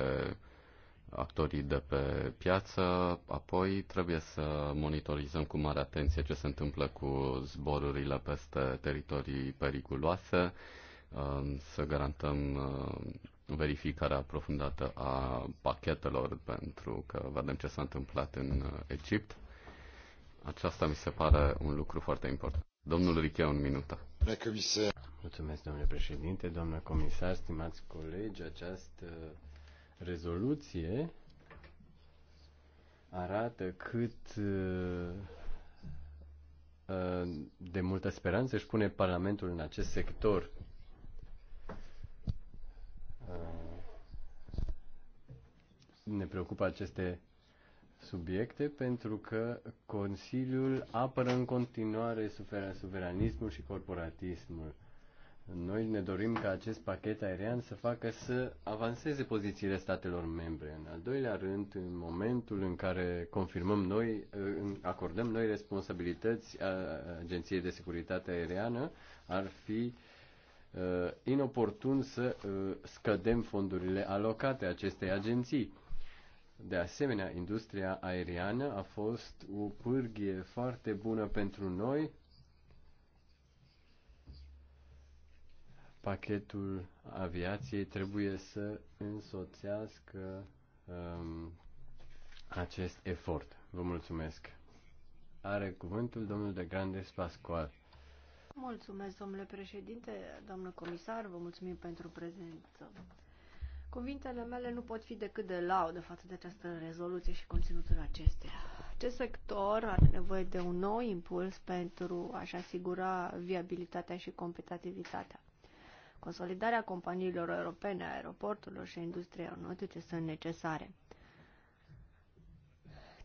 actorii de pe piață, apoi trebuie să monitorizăm cu mare atenție ce se întâmplă cu zborurile peste teritorii periculoase, um, să garantăm uh, verificarea aprofundată a pachetelor pentru că vedem ce s-a întâmplat în uh, Egipt. Aceasta mi se pare un lucru foarte important. Domnul Richea, un minut. Mulțumesc, domnule președinte, domnule comisar, stimați colegi, această rezoluție arată cât uh, uh, de multă speranță își pune Parlamentul în acest sector. Uh, ne preocupă aceste subiecte pentru că Consiliul apără în continuare suveranismul și corporatismul. Noi ne dorim ca acest pachet aerian să facă să avanseze pozițiile statelor membre. În al doilea rând, în momentul în care confirmăm noi, acordăm noi responsabilități a Agenției de Securitate Aeriană, ar fi uh, inoportun să uh, scădem fondurile alocate acestei agenții. De asemenea, industria aeriană a fost o pârghie foarte bună pentru noi pachetul aviației trebuie să însoțească um, acest efort. Vă mulțumesc. Are cuvântul domnul de Grandes Pascual. Mulțumesc, domnule președinte, domnule comisar, vă mulțumim pentru prezență. Cuvintele mele nu pot fi decât de laudă față de această rezoluție și conținutul acesteia. Acest sector are nevoie de un nou impuls pentru a-și asigura viabilitatea și competitivitatea. Consolidarea companiilor europene, aeroporturilor și industriei aeronautice sunt necesare.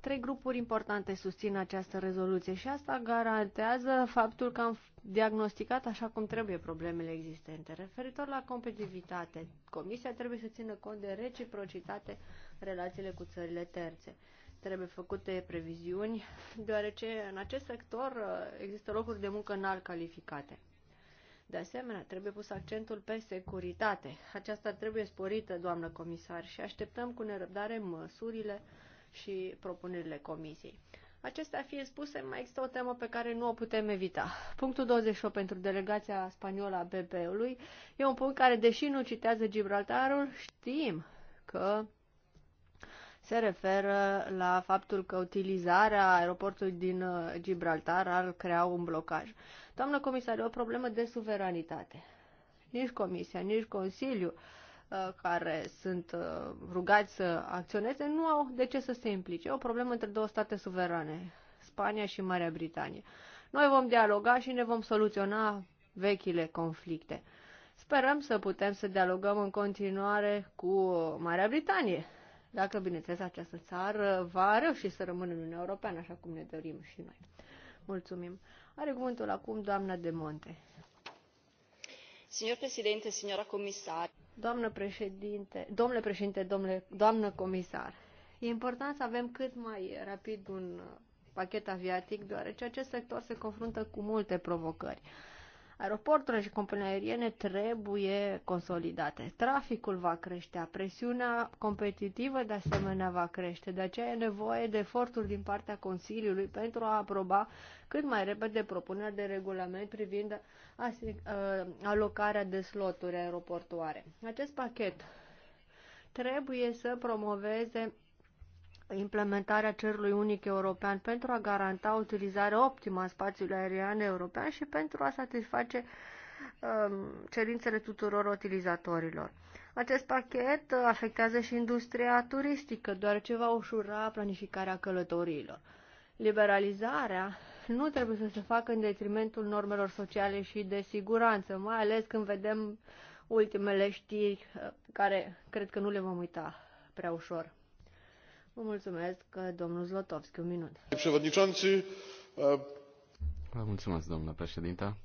Trei grupuri importante susțin această rezoluție și asta garantează faptul că am diagnosticat așa cum trebuie problemele existente. Referitor la competitivitate, Comisia trebuie să țină cont de reciprocitate în relațiile cu țările terțe trebuie făcute previziuni, deoarece în acest sector uh, există locuri de muncă înalt calificate. De asemenea, trebuie pus accentul pe securitate. Aceasta trebuie sporită, doamnă comisar, și așteptăm cu nerăbdare măsurile și propunerile comisiei. Acestea fie spuse, mai există o temă pe care nu o putem evita. Punctul 28 pentru delegația spaniolă a BP-ului e un punct care, deși nu citează Gibraltarul, știm că se referă la faptul că utilizarea aeroportului din uh, Gibraltar ar crea un blocaj. Doamnă comisar, e o problemă de suveranitate. Nici Comisia, nici Consiliu uh, care sunt uh, rugați să acționeze, nu au de ce să se implice. E o problemă între două state suverane, Spania și Marea Britanie. Noi vom dialoga și ne vom soluționa vechile conflicte. Sperăm să putem să dialogăm în continuare cu Marea Britanie, dacă, bineînțeles, această țară va reuși să rămână în Uniunea Europeană, așa cum ne dorim și noi. Mulțumim. Are cuvântul acum doamna de Monte. Signor Presidente, signora Comisar. Doamnă președinte, domnule președinte, domnule, doamnă comisar, e important să avem cât mai rapid un pachet aviatic, deoarece acest sector se confruntă cu multe provocări. Aeroporturile și companiile aeriene trebuie consolidate. Traficul va crește, presiunea competitivă de asemenea va crește. De aceea e nevoie de eforturi din partea Consiliului pentru a aproba cât mai repede propunerea de regulament privind uh, alocarea de sloturi aeroportuare. Acest pachet trebuie să promoveze implementarea cerului unic european pentru a garanta utilizarea optimă a spațiului aerian european și pentru a satisface um, cerințele tuturor utilizatorilor. Acest pachet afectează și industria turistică, deoarece va ușura planificarea călătoriilor. Liberalizarea nu trebuie să se facă în detrimentul normelor sociale și de siguranță, mai ales când vedem ultimele știri uh, care cred că nu le vom uita prea ușor mulțumesc, domnul Zlotovski, un minut. Vă mulțumesc, domnule președinte,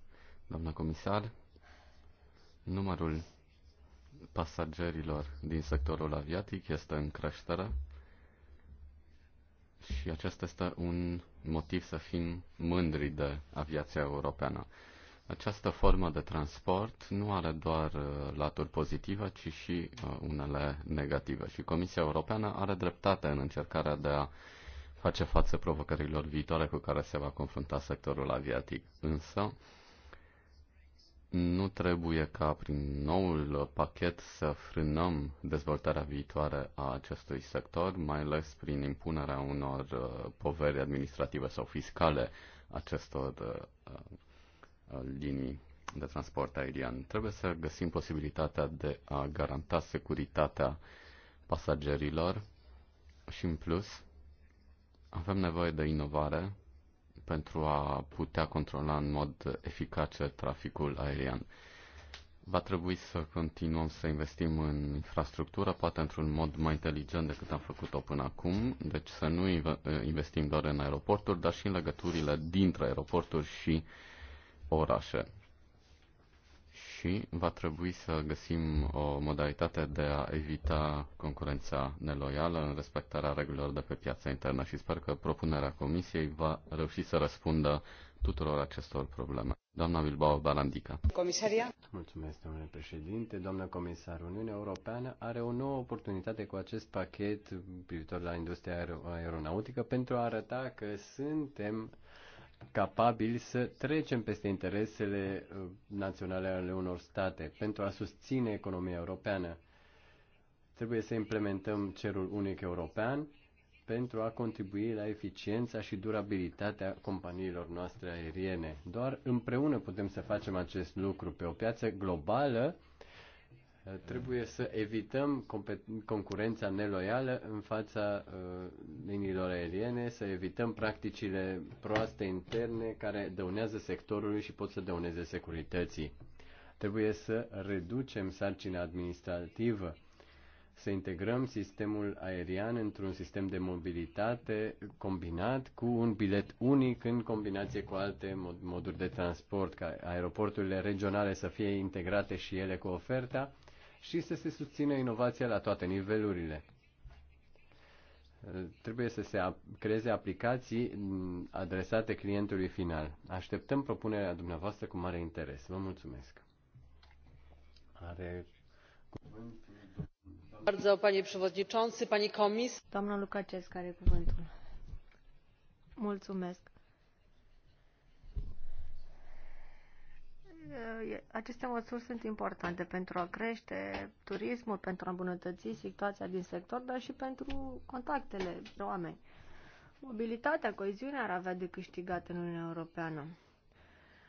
doamna comisar. Numărul pasagerilor din sectorul aviatic este în creștere și acesta este un motiv să fim mândri de aviația europeană. Această formă de transport nu are doar uh, laturi pozitive, ci și uh, unele negative. Și Comisia Europeană are dreptate în încercarea de a face față provocărilor viitoare cu care se va confrunta sectorul aviatic. Însă, nu trebuie ca prin noul pachet să frânăm dezvoltarea viitoare a acestui sector, mai ales prin impunerea unor uh, poveri administrative sau fiscale acestor linii de transport aerian. Trebuie să găsim posibilitatea de a garanta securitatea pasagerilor și, în plus, avem nevoie de inovare pentru a putea controla în mod eficace traficul aerian. Va trebui să continuăm să investim în infrastructură, poate într-un mod mai inteligent decât am făcut-o până acum, deci să nu investim doar în aeroporturi, dar și în legăturile dintre aeroporturi și uh, orașe. Și va trebui să găsim o modalitate de a evita concurența neloială în respectarea regulilor de pe piața internă și sper că propunerea Comisiei va reuși să răspundă tuturor acestor probleme. Doamna Bilbao Barandica. Comisaria. Mulțumesc, domnule președinte. Doamna comisar, Uniunea Europeană are o nouă oportunitate cu acest pachet privitor la industria aer- aeronautică pentru a arăta că suntem capabili să trecem peste interesele uh, naționale ale unor state pentru a susține economia europeană. Trebuie să implementăm cerul unic european pentru a contribui la eficiența și durabilitatea companiilor noastre aeriene. Doar împreună putem să facem acest lucru pe o piață globală Trebuie să evităm concurența neloială în fața uh, liniilor aeriene, să evităm practicile proaste interne care dăunează sectorului și pot să dăuneze securității. Trebuie să reducem sarcina administrativă, să integrăm sistemul aerian într-un sistem de mobilitate combinat cu un bilet unic în combinație cu alte moduri de transport, ca aeroporturile regionale să fie integrate și ele cu oferta și să se susțină inovația la toate nivelurile. Trebuie să se creeze aplicații mm, adresate clientului final. Așteptăm propunerea dumneavoastră cu mare interes. Vă mulțumesc. Are bardzo panie przewodniczący pani komisarz! Domnul lukacijevska are cuvântul. mulțumesc. Uh, aceste măsuri sunt importante pentru a crește turismul, pentru a îmbunătăți situația din sector, dar și pentru contactele de oameni. Mobilitatea, coeziunea ar avea de câștigat în Uniunea Europeană.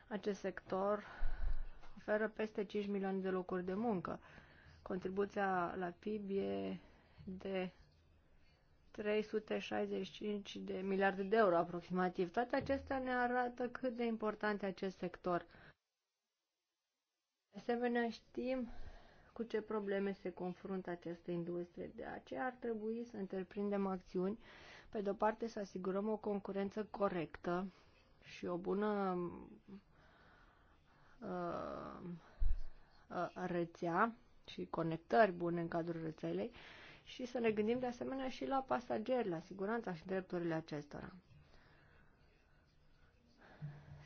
Acest sector oferă peste 5 milioane de locuri de muncă. Contribuția la PIB e de 365 de miliarde de euro aproximativ. Toate acestea ne arată cât de important e acest sector – asemenea, știm cu ce probleme se confruntă această industrie. De aceea ar trebui să întreprindem acțiuni, pe de-o parte să asigurăm o concurență corectă și o bună uh, uh, rețea și conectări bune în cadrul rețelei și să ne gândim de asemenea și la pasageri, la siguranța și drepturile acestora.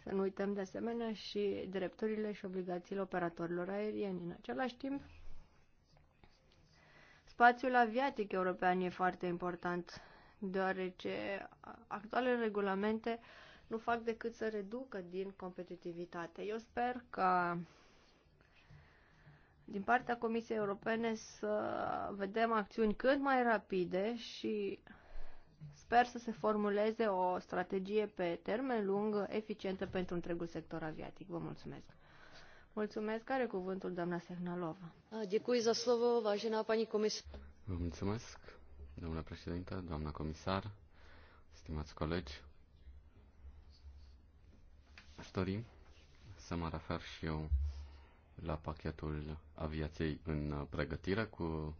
Să nu uităm de asemenea și drepturile și obligațiile operatorilor aerieni. În același timp, spațiul aviatic european e foarte important, deoarece actualele regulamente nu fac decât să reducă din competitivitate. Eu sper că din partea Comisiei Europene să vedem acțiuni cât mai rapide și Sper să se formuleze o strategie pe termen lung eficientă pentru întregul sector aviatic. Vă mulțumesc! Mulțumesc. Care cuvântul, doamna Sehnalova? Ah, děkuji za slovo, vážená paní comisar. Vă mulțumesc, domnule președinte, doamna comisar, stimați colegi. Aș dori să mă refer și eu la pachetul aviației în pregătire cu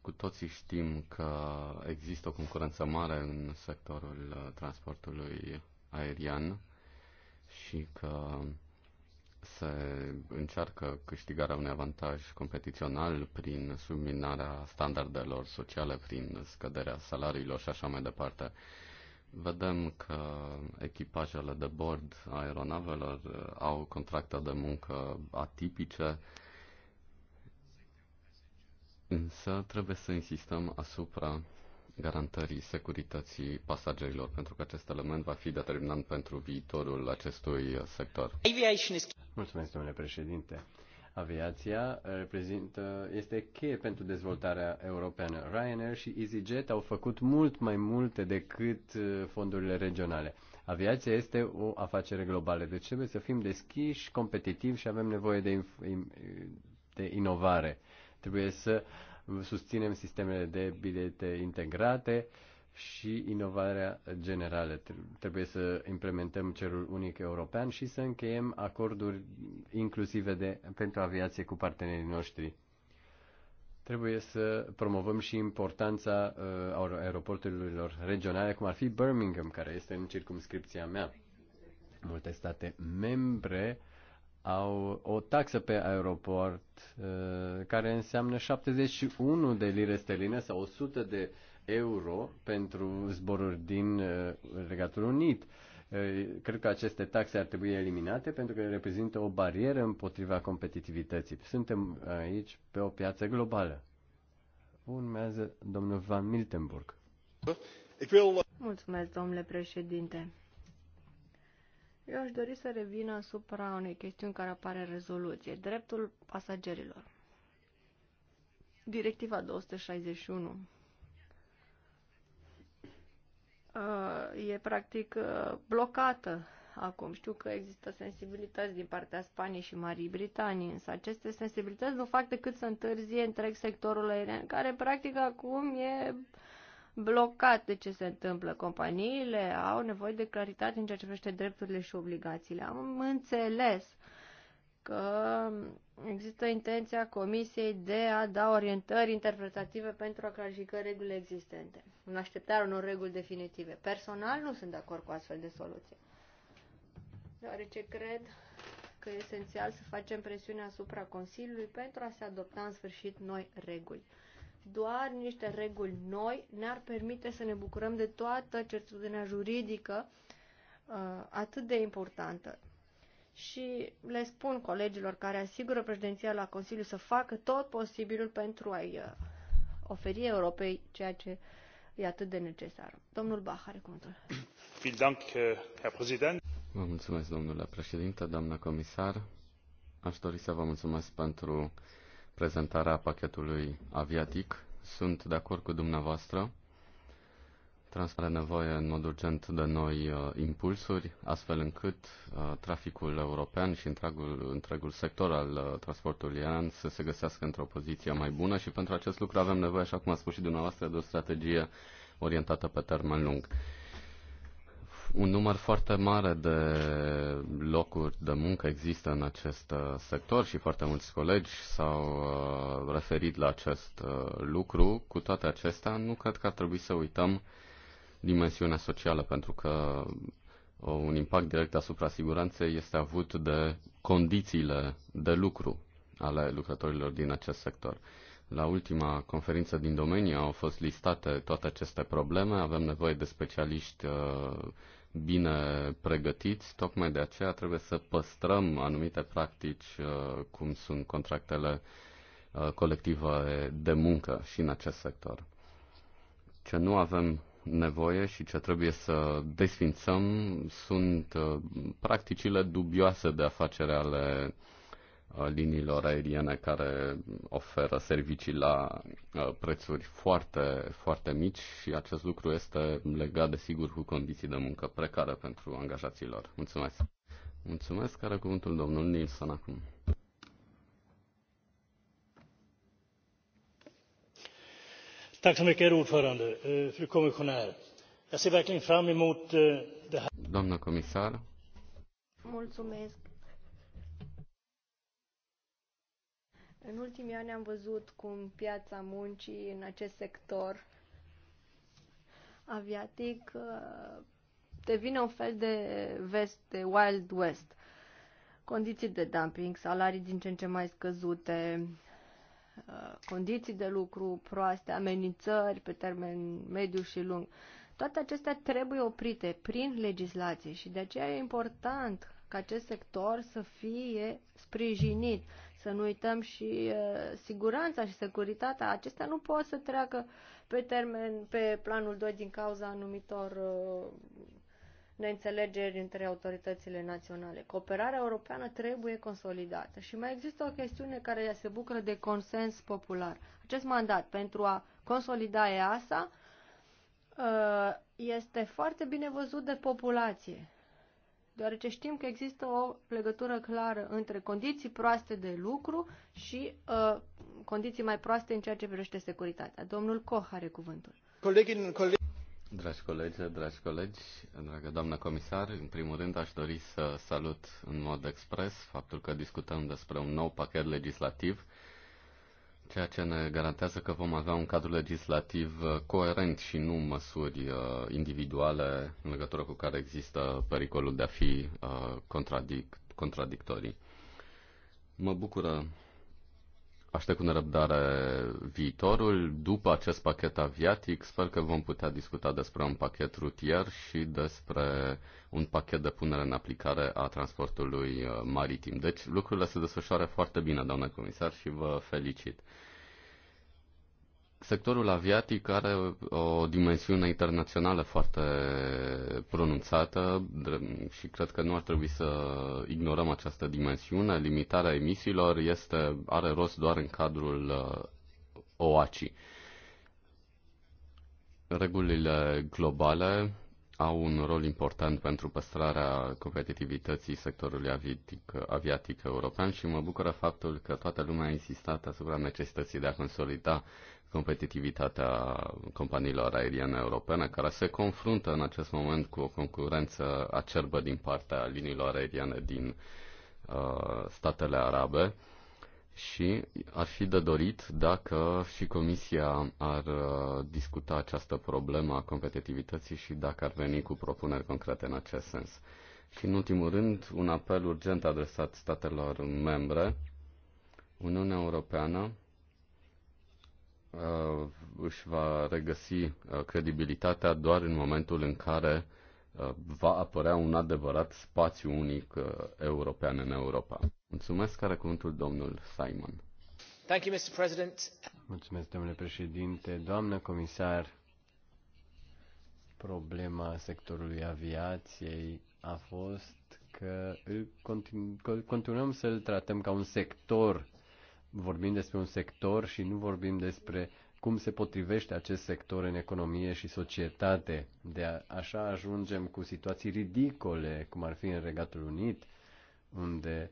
cu toții știm că există o concurență mare în sectorul uh, transportului aerian și că se încearcă câștigarea unui avantaj competițional prin subminarea standardelor sociale, prin scăderea salariilor și așa mai departe. Vedem că echipajele de bord aeronavelor uh, au contracte de muncă atipice, Însă trebuie să insistăm asupra garantării securității pasagerilor, pentru că acest element va fi determinant pentru viitorul acestui sector. Mulțumesc, domnule președinte. Aviația uh, reprezintă, este cheie pentru dezvoltarea europeană. Ryanair și EasyJet au făcut mult mai multe decât uh, fondurile regionale. Aviația este o afacere globală, deci trebuie să fim deschiși, competitivi și avem nevoie de, de inovare. Trebuie să susținem sistemele de bilete integrate și inovarea generală. Trebuie să implementăm cerul unic european și să încheiem acorduri inclusive de, pentru aviație cu partenerii noștri. Trebuie să promovăm și importanța uh, aeroporturilor regionale, cum ar fi Birmingham, care este în circumscripția mea. Multe state membre au o taxă pe aeroport uh, care înseamnă 71 de lire sterline sau 100 de euro pentru zboruri din uh, Regatul Unit. Uh, cred că aceste taxe ar trebui eliminate pentru că reprezintă o barieră împotriva competitivității. Suntem aici pe o piață globală. Urmează domnul Van Miltenburg. Mulțumesc, domnule președinte. Eu aș dori să revin asupra unei chestiuni care apare în rezoluție, dreptul pasagerilor. Directiva 261 uh, e practic uh, blocată acum. Știu că există sensibilități din partea Spaniei și Marii Britanii, însă aceste sensibilități nu fac decât să întârzie întreg sectorul aerian, care practic acum e uh, blocat de ce se întâmplă. Companiile au nevoie de claritate în ceea ce privește drepturile și obligațiile. Am înțeles că există intenția Comisiei de a da orientări interpretative pentru a clarifica regulile existente, în așteptarea unor reguli definitive. Personal nu sunt de acord cu astfel de soluție, deoarece cred că e esențial să facem presiune asupra Consiliului pentru a se adopta în sfârșit noi reguli. Doar niște reguli noi ne-ar permite să ne bucurăm de toată certitudinea juridică uh, atât de importantă. Și le spun colegilor care asigură președinția la Consiliu să facă tot posibilul pentru a-i uh, oferi Europei ceea ce e atât de necesar. Domnul Bach are cuvântul. Uh, vă mulțumesc, domnule președinte, doamnă comisar. Aș dori să vă mulțumesc pentru prezentarea pachetului aviatic. Sunt de acord cu dumneavoastră. Transfer nevoie în mod urgent de noi uh, impulsuri, astfel încât uh, traficul european și întregul, întregul sector al uh, transportului aerian să se găsească într-o poziție mai bună și pentru acest lucru avem nevoie, așa cum a spus și dumneavoastră, de o strategie orientată pe termen lung. Un număr foarte mare de locuri de muncă există în acest uh, sector și foarte mulți colegi s-au uh, referit la acest uh, lucru. Cu toate acestea, nu cred că ar trebui să uităm dimensiunea socială, pentru că un impact direct asupra siguranței este avut de condițiile de lucru ale lucrătorilor din acest sector. La ultima conferință din domeniu au fost listate toate aceste probleme. Avem nevoie de specialiști bine pregătiți, tocmai de aceea trebuie să păstrăm anumite practici, uh, cum sunt contractele uh, colective de muncă și în acest sector. Ce nu avem nevoie și ce trebuie să desfințăm sunt uh, practicile dubioase de afacere ale uh, liniilor aeriene care oferă servicii la uh, prețuri foarte, foarte mici și acest lucru este legat, desigur, cu condiții de muncă precare pentru angajaților. Mulțumesc! Mulțumesc, care cuvântul domnul Nilsson acum. Tack eh, eh, Doamna comisar. Mulțumesc. În ultimii ani am văzut cum piața muncii în acest sector aviatic uh, devine un fel de vest, de Wild West. Condiții de dumping, salarii din ce în ce mai scăzute, uh, condiții de lucru proaste, amenințări pe termen mediu și lung. Toate acestea trebuie oprite prin legislație și de aceea e important ca acest sector să fie sprijinit, să nu uităm și uh, siguranța și securitatea. Acestea nu pot să treacă pe termen, pe planul 2 din cauza anumitor uh, neînțelegeri între autoritățile naționale. Cooperarea europeană trebuie consolidată și mai există o chestiune care se bucură de consens popular. Acest mandat pentru a consolida EASA este foarte bine văzut de populație deoarece știm că există o legătură clară între condiții proaste de lucru și uh, condiții mai proaste în ceea ce privește securitatea. Domnul Koch are cuvântul. Colegii, colegi... Dragi colegi, dragi colegi, dragă doamnă comisar, în primul rând aș dori să salut în mod expres faptul că discutăm despre un nou pachet legislativ ceea ce ne garantează că vom avea un cadru legislativ uh, coerent și nu măsuri uh, individuale în legătură cu care există pericolul de a fi uh, contradic- contradictorii. Mă bucură Aștept cu nerăbdare viitorul. După acest pachet aviatic, sper că vom putea discuta despre un pachet rutier și despre un pachet de punere în aplicare a transportului uh, maritim. Deci lucrurile se desfășoară foarte bine, doamnă comisar, și vă felicit sectorul aviatic are o dimensiune internațională foarte pronunțată și cred că nu ar trebui să ignorăm această dimensiune. Limitarea emisiilor este, are rost doar în cadrul uh, OACI. Regulile globale au un rol important pentru păstrarea competitivității sectorului aviatic, aviatic european și mă bucură faptul că toată lumea a insistat asupra necesității de a consolida competitivitatea companiilor aeriene europene, care se confruntă în acest moment cu o concurență acerbă din partea liniilor aeriene din uh, statele arabe și ar fi de dorit dacă și Comisia ar uh, discuta această problemă a competitivității și dacă ar veni cu propuneri concrete în acest sens. Și în ultimul rând, un apel urgent adresat statelor membre. Uniunea Europeană uh, își va regăsi uh, credibilitatea doar în momentul în care uh, va apărea un adevărat spațiu unic uh, european în Europa. Mulțumesc, care cuvântul domnul Simon. Thank you, Mr. President. Mulțumesc, domnule președinte, doamnă comisar. Problema sectorului aviației a fost că continu- continuăm să-l tratăm ca un sector vorbim despre un sector și nu vorbim despre cum se potrivește acest sector în economie și societate. De a, așa ajungem cu situații ridicole, cum ar fi în Regatul Unit, unde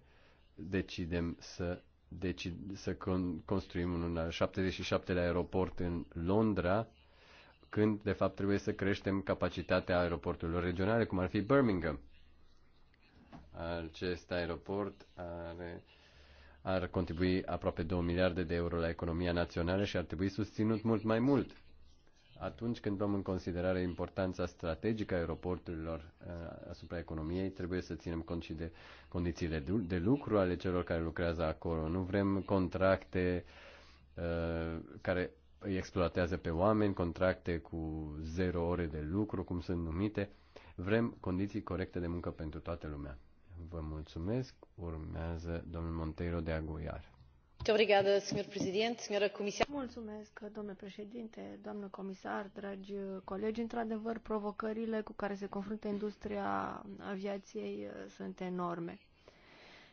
decidem să, decid, să con, construim un, un 77-lea aeroport în Londra, când de fapt trebuie să creștem capacitatea aeroporturilor regionale, cum ar fi Birmingham. Acest aeroport are ar contribui aproape 2 miliarde de euro la economia națională și ar trebui susținut mult mai mult. Atunci când luăm în considerare importanța strategică a aeroporturilor uh, asupra economiei, trebuie să ținem cont și de condițiile de lucru ale celor care lucrează acolo. Nu vrem contracte uh, care îi exploatează pe oameni, contracte cu zero ore de lucru, cum sunt numite. Vrem condiții corecte de muncă pentru toată lumea. Vă mulțumesc. Urmează domnul Monteiro de Aguiar. Mulțumesc, domnule președinte, doamnă comisar, dragi colegi. Într-adevăr, provocările cu care se confruntă industria aviației uh, sunt enorme.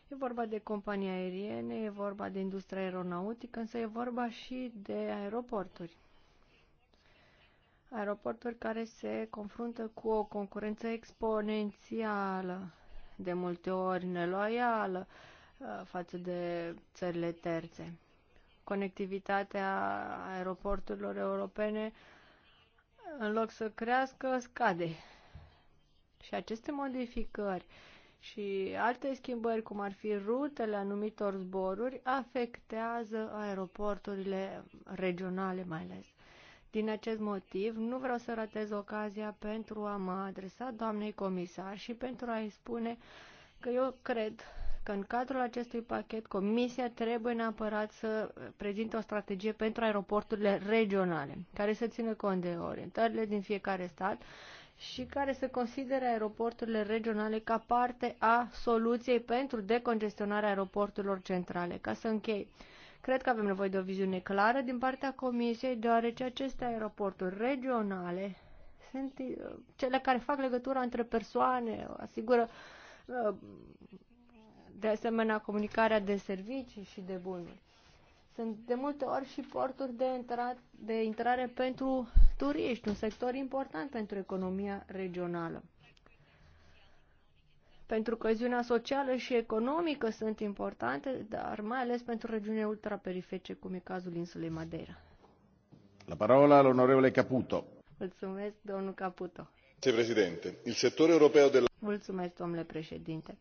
E vorba de companii aeriene, e vorba de industria aeronautică, însă e vorba și de aeroporturi. Aeroporturi care se confruntă cu o concurență exponențială de multe ori neloială uh, față de țările terțe. Conectivitatea aeroporturilor europene, în loc să crească, scade. Și aceste modificări și alte schimbări, cum ar fi rutele anumitor zboruri, afectează aeroporturile regionale mai ales. Din acest motiv, nu vreau să ratez ocazia pentru a mă adresa doamnei comisar și pentru a-i spune că eu cred că în cadrul acestui pachet Comisia trebuie neapărat să prezinte o strategie pentru aeroporturile regionale, care să țină cont de orientările din fiecare stat și care să considere aeroporturile regionale ca parte a soluției pentru decongestionarea aeroporturilor centrale. Ca să închei, Cred că avem nevoie de o viziune clară din partea Comisiei, deoarece aceste aeroporturi regionale sunt uh, cele care fac legătura între persoane, asigură uh, de asemenea comunicarea de servicii și de bunuri. Sunt de multe ori și porturi de, intrat, de intrare pentru turiști, un sector important pentru economia regională pentru coeziunea socială și economică sunt importante, dar mai ales pentru regiunile ultraperiferice, cum e cazul insulei Madeira. La parola onorevole Caputo. Mulțumesc, domnul Caputo. Președinte, il settore europeo della... Mulțumesc, domnule președinte.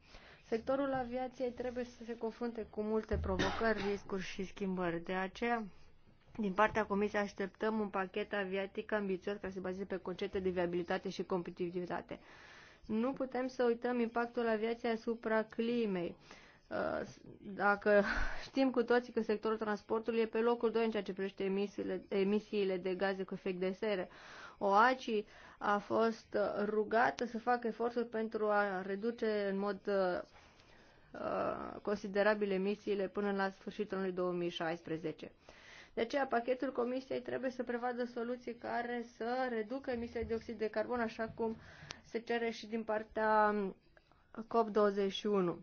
Sectorul aviației trebuie să se confrunte cu multe provocări, riscuri și schimbări. De aceea, din partea Comisiei așteptăm un pachet aviatic ambițios care se bazeze pe concepte de viabilitate și competitivitate. Nu putem să uităm impactul aviației asupra climei. Uh, dacă știm cu toții că sectorul transportului e pe locul 2 în ceea ce privește emisiile, emisiile de gaze cu efect de seră, OACI a fost uh, rugată să facă eforturi pentru a reduce în mod uh, considerabil emisiile până la sfârșitul anului 2016. De aceea, pachetul Comisiei trebuie să prevadă soluții care să reducă emisiile de oxid de carbon, așa cum se cere și din partea COP21.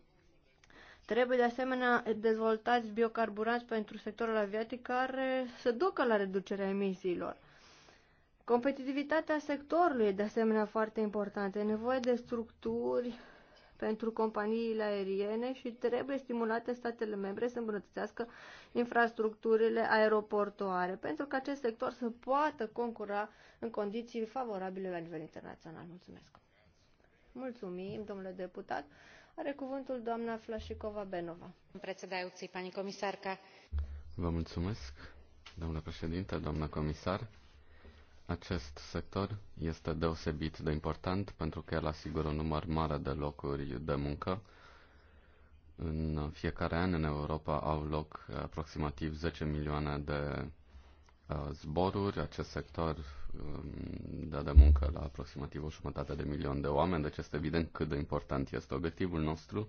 Trebuie de asemenea dezvoltați biocarburanți pentru sectorul aviatic care să ducă la reducerea emisiilor. Competitivitatea sectorului e de asemenea foarte importantă. E nevoie de structuri pentru companiile aeriene și trebuie stimulate statele membre să îmbunătățească infrastructurile aeroportoare pentru că acest sector să poată concura în condiții favorabile la nivel internațional. Mulțumesc! Mulțumim, domnule deputat. Are cuvântul doamna Flașicova Benova. Prețedaiuții, pani comisarca. Vă mulțumesc, doamna președinte, doamna comisar. Acest sector este deosebit de important pentru că el asigură un număr mare de locuri de muncă. În fiecare an în Europa au loc aproximativ 10 milioane de Uh, zboruri, acest sector um, dă de muncă la aproximativ o jumătate de milion de oameni, deci este evident cât de important este obiectivul nostru.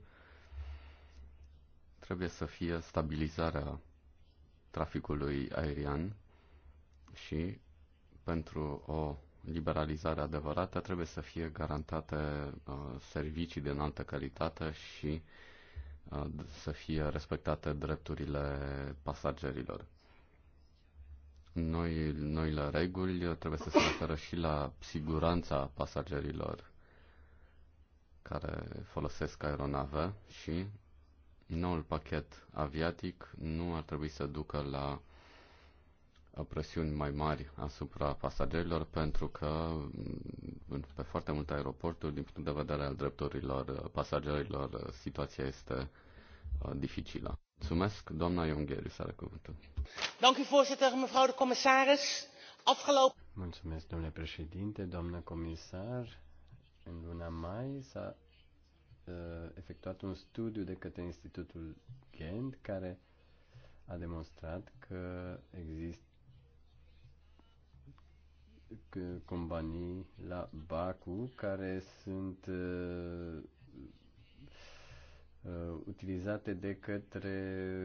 Trebuie să fie stabilizarea traficului aerian și pentru o liberalizare adevărată trebuie să fie garantate uh, servicii de înaltă calitate și uh, să fie respectate drepturile pasagerilor. Noi, noile reguli trebuie să se referă și la siguranța pasagerilor care folosesc aeronave și noul pachet aviatic nu ar trebui să ducă la presiuni mai mari asupra pasagerilor pentru că pe foarte multe aeroporturi, din punct de vedere al drepturilor pasagerilor, situația este uh, dificilă. Mulțumesc, doamna să are cuvântul. Mulțumesc, domnule președinte, doamnă comisar. În luna mai s-a uh, efectuat un studiu de către Institutul Gend, care a demonstrat că există companii la Baku care sunt uh, Uh, utilizate de către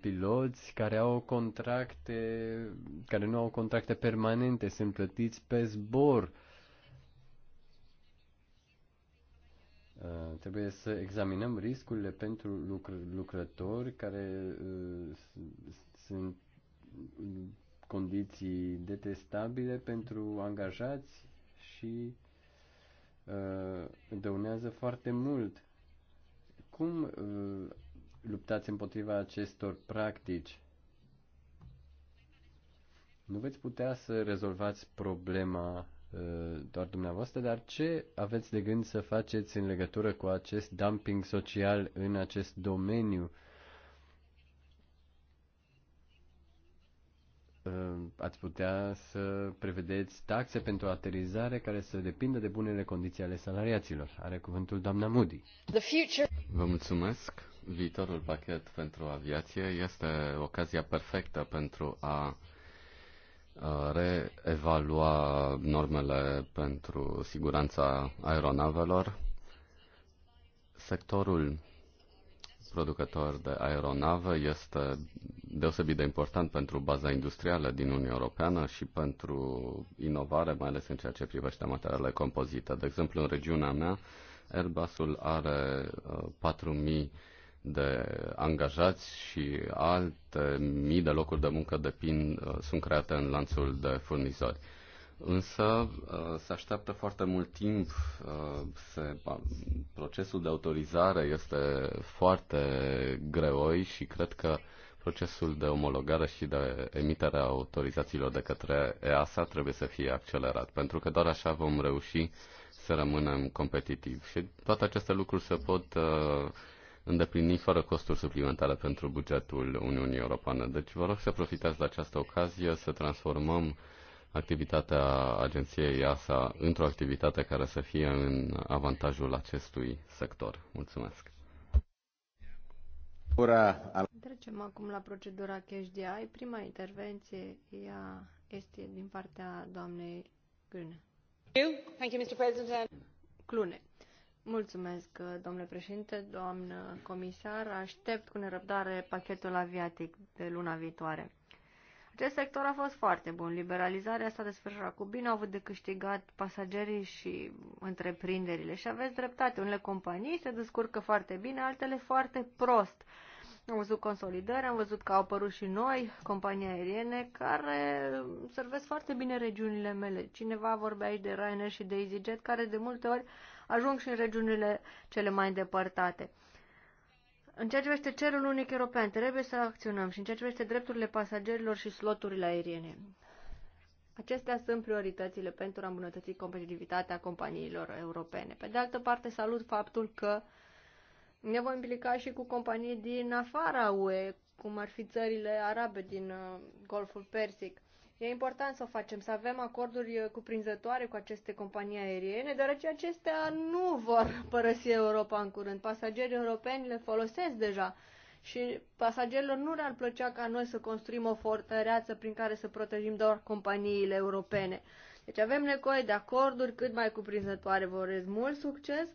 piloți care au contracte, care nu au contracte permanente, sunt plătiți pe zbor. Uh, trebuie să examinăm riscurile pentru lucr- lucrători care uh, sunt condiții detestabile pentru angajați și dăunează foarte mult cum uh, luptați împotriva acestor practici? Nu veți putea să rezolvați problema uh, doar dumneavoastră, dar ce aveți de gând să faceți în legătură cu acest dumping social în acest domeniu? Ă, ați putea să prevedeți taxe pentru aterizare care să depindă de bunele condiții ale salariaților. Are cuvântul doamna Moody. The future... Vă mulțumesc. Viitorul pachet pentru aviație este ocazia perfectă pentru a reevalua normele pentru siguranța aeronavelor. Sectorul producător de aeronave este deosebit de important pentru baza industrială din Uniunea Europeană și pentru inovare, mai ales în ceea ce privește materialele compozite. De exemplu, în regiunea mea, Airbusul are 4000 uh, de angajați și alte mii de locuri de muncă depind, uh, sunt create în lanțul de furnizori. Însă uh, se așteaptă foarte mult timp, uh, se, procesul de autorizare este foarte greoi și cred că procesul de omologare și de emitere a autorizațiilor de către EASA trebuie să fie accelerat, pentru că doar așa vom reuși să rămânem competitivi. Și toate aceste lucruri se pot uh, îndeplini fără costuri suplimentare pentru bugetul Uniunii Europene. Deci vă rog să profitați de această ocazie, să transformăm activitatea agenției ASA într-o activitate care să fie în avantajul acestui sector. Mulțumesc. Trecem acum la procedura CashDI. Prima intervenție ea este din partea doamnei Grâne. Thank you, Mr. President. Clune. Mulțumesc, domnule președinte, doamnă comisar. Aștept cu nerăbdare pachetul aviatic de luna viitoare. Acest sector a fost foarte bun. Liberalizarea s-a desfășurat cu bine, au avut de câștigat pasagerii și întreprinderile. Și aveți dreptate, unele companii se descurcă foarte bine, altele foarte prost. Am văzut consolidări, am văzut că au apărut și noi companii aeriene care servesc foarte bine regiunile mele. Cineva vorbea aici de Ryanair și de EasyJet, care de multe ori ajung și în regiunile cele mai îndepărtate. În ceea ce vește cerul unic european, trebuie să acționăm și în ceea ce vește drepturile pasagerilor și sloturile aeriene. Acestea sunt prioritățile pentru a îmbunătăți competitivitatea companiilor europene. Pe de altă parte, salut faptul că ne vom implica și cu companii din afara UE, cum ar fi țările arabe din uh, Golful Persic. E important să o facem, să avem acorduri uh, cuprinzătoare cu aceste companii aeriene, deoarece acestea nu vor părăsi Europa în curând. Pasagerii europeni le folosesc deja și pasagerilor nu le-ar plăcea ca noi să construim o fortăreață prin care să protejim doar companiile europene. Deci avem nevoie de acorduri cât mai cuprinzătoare. Vă urez mult succes!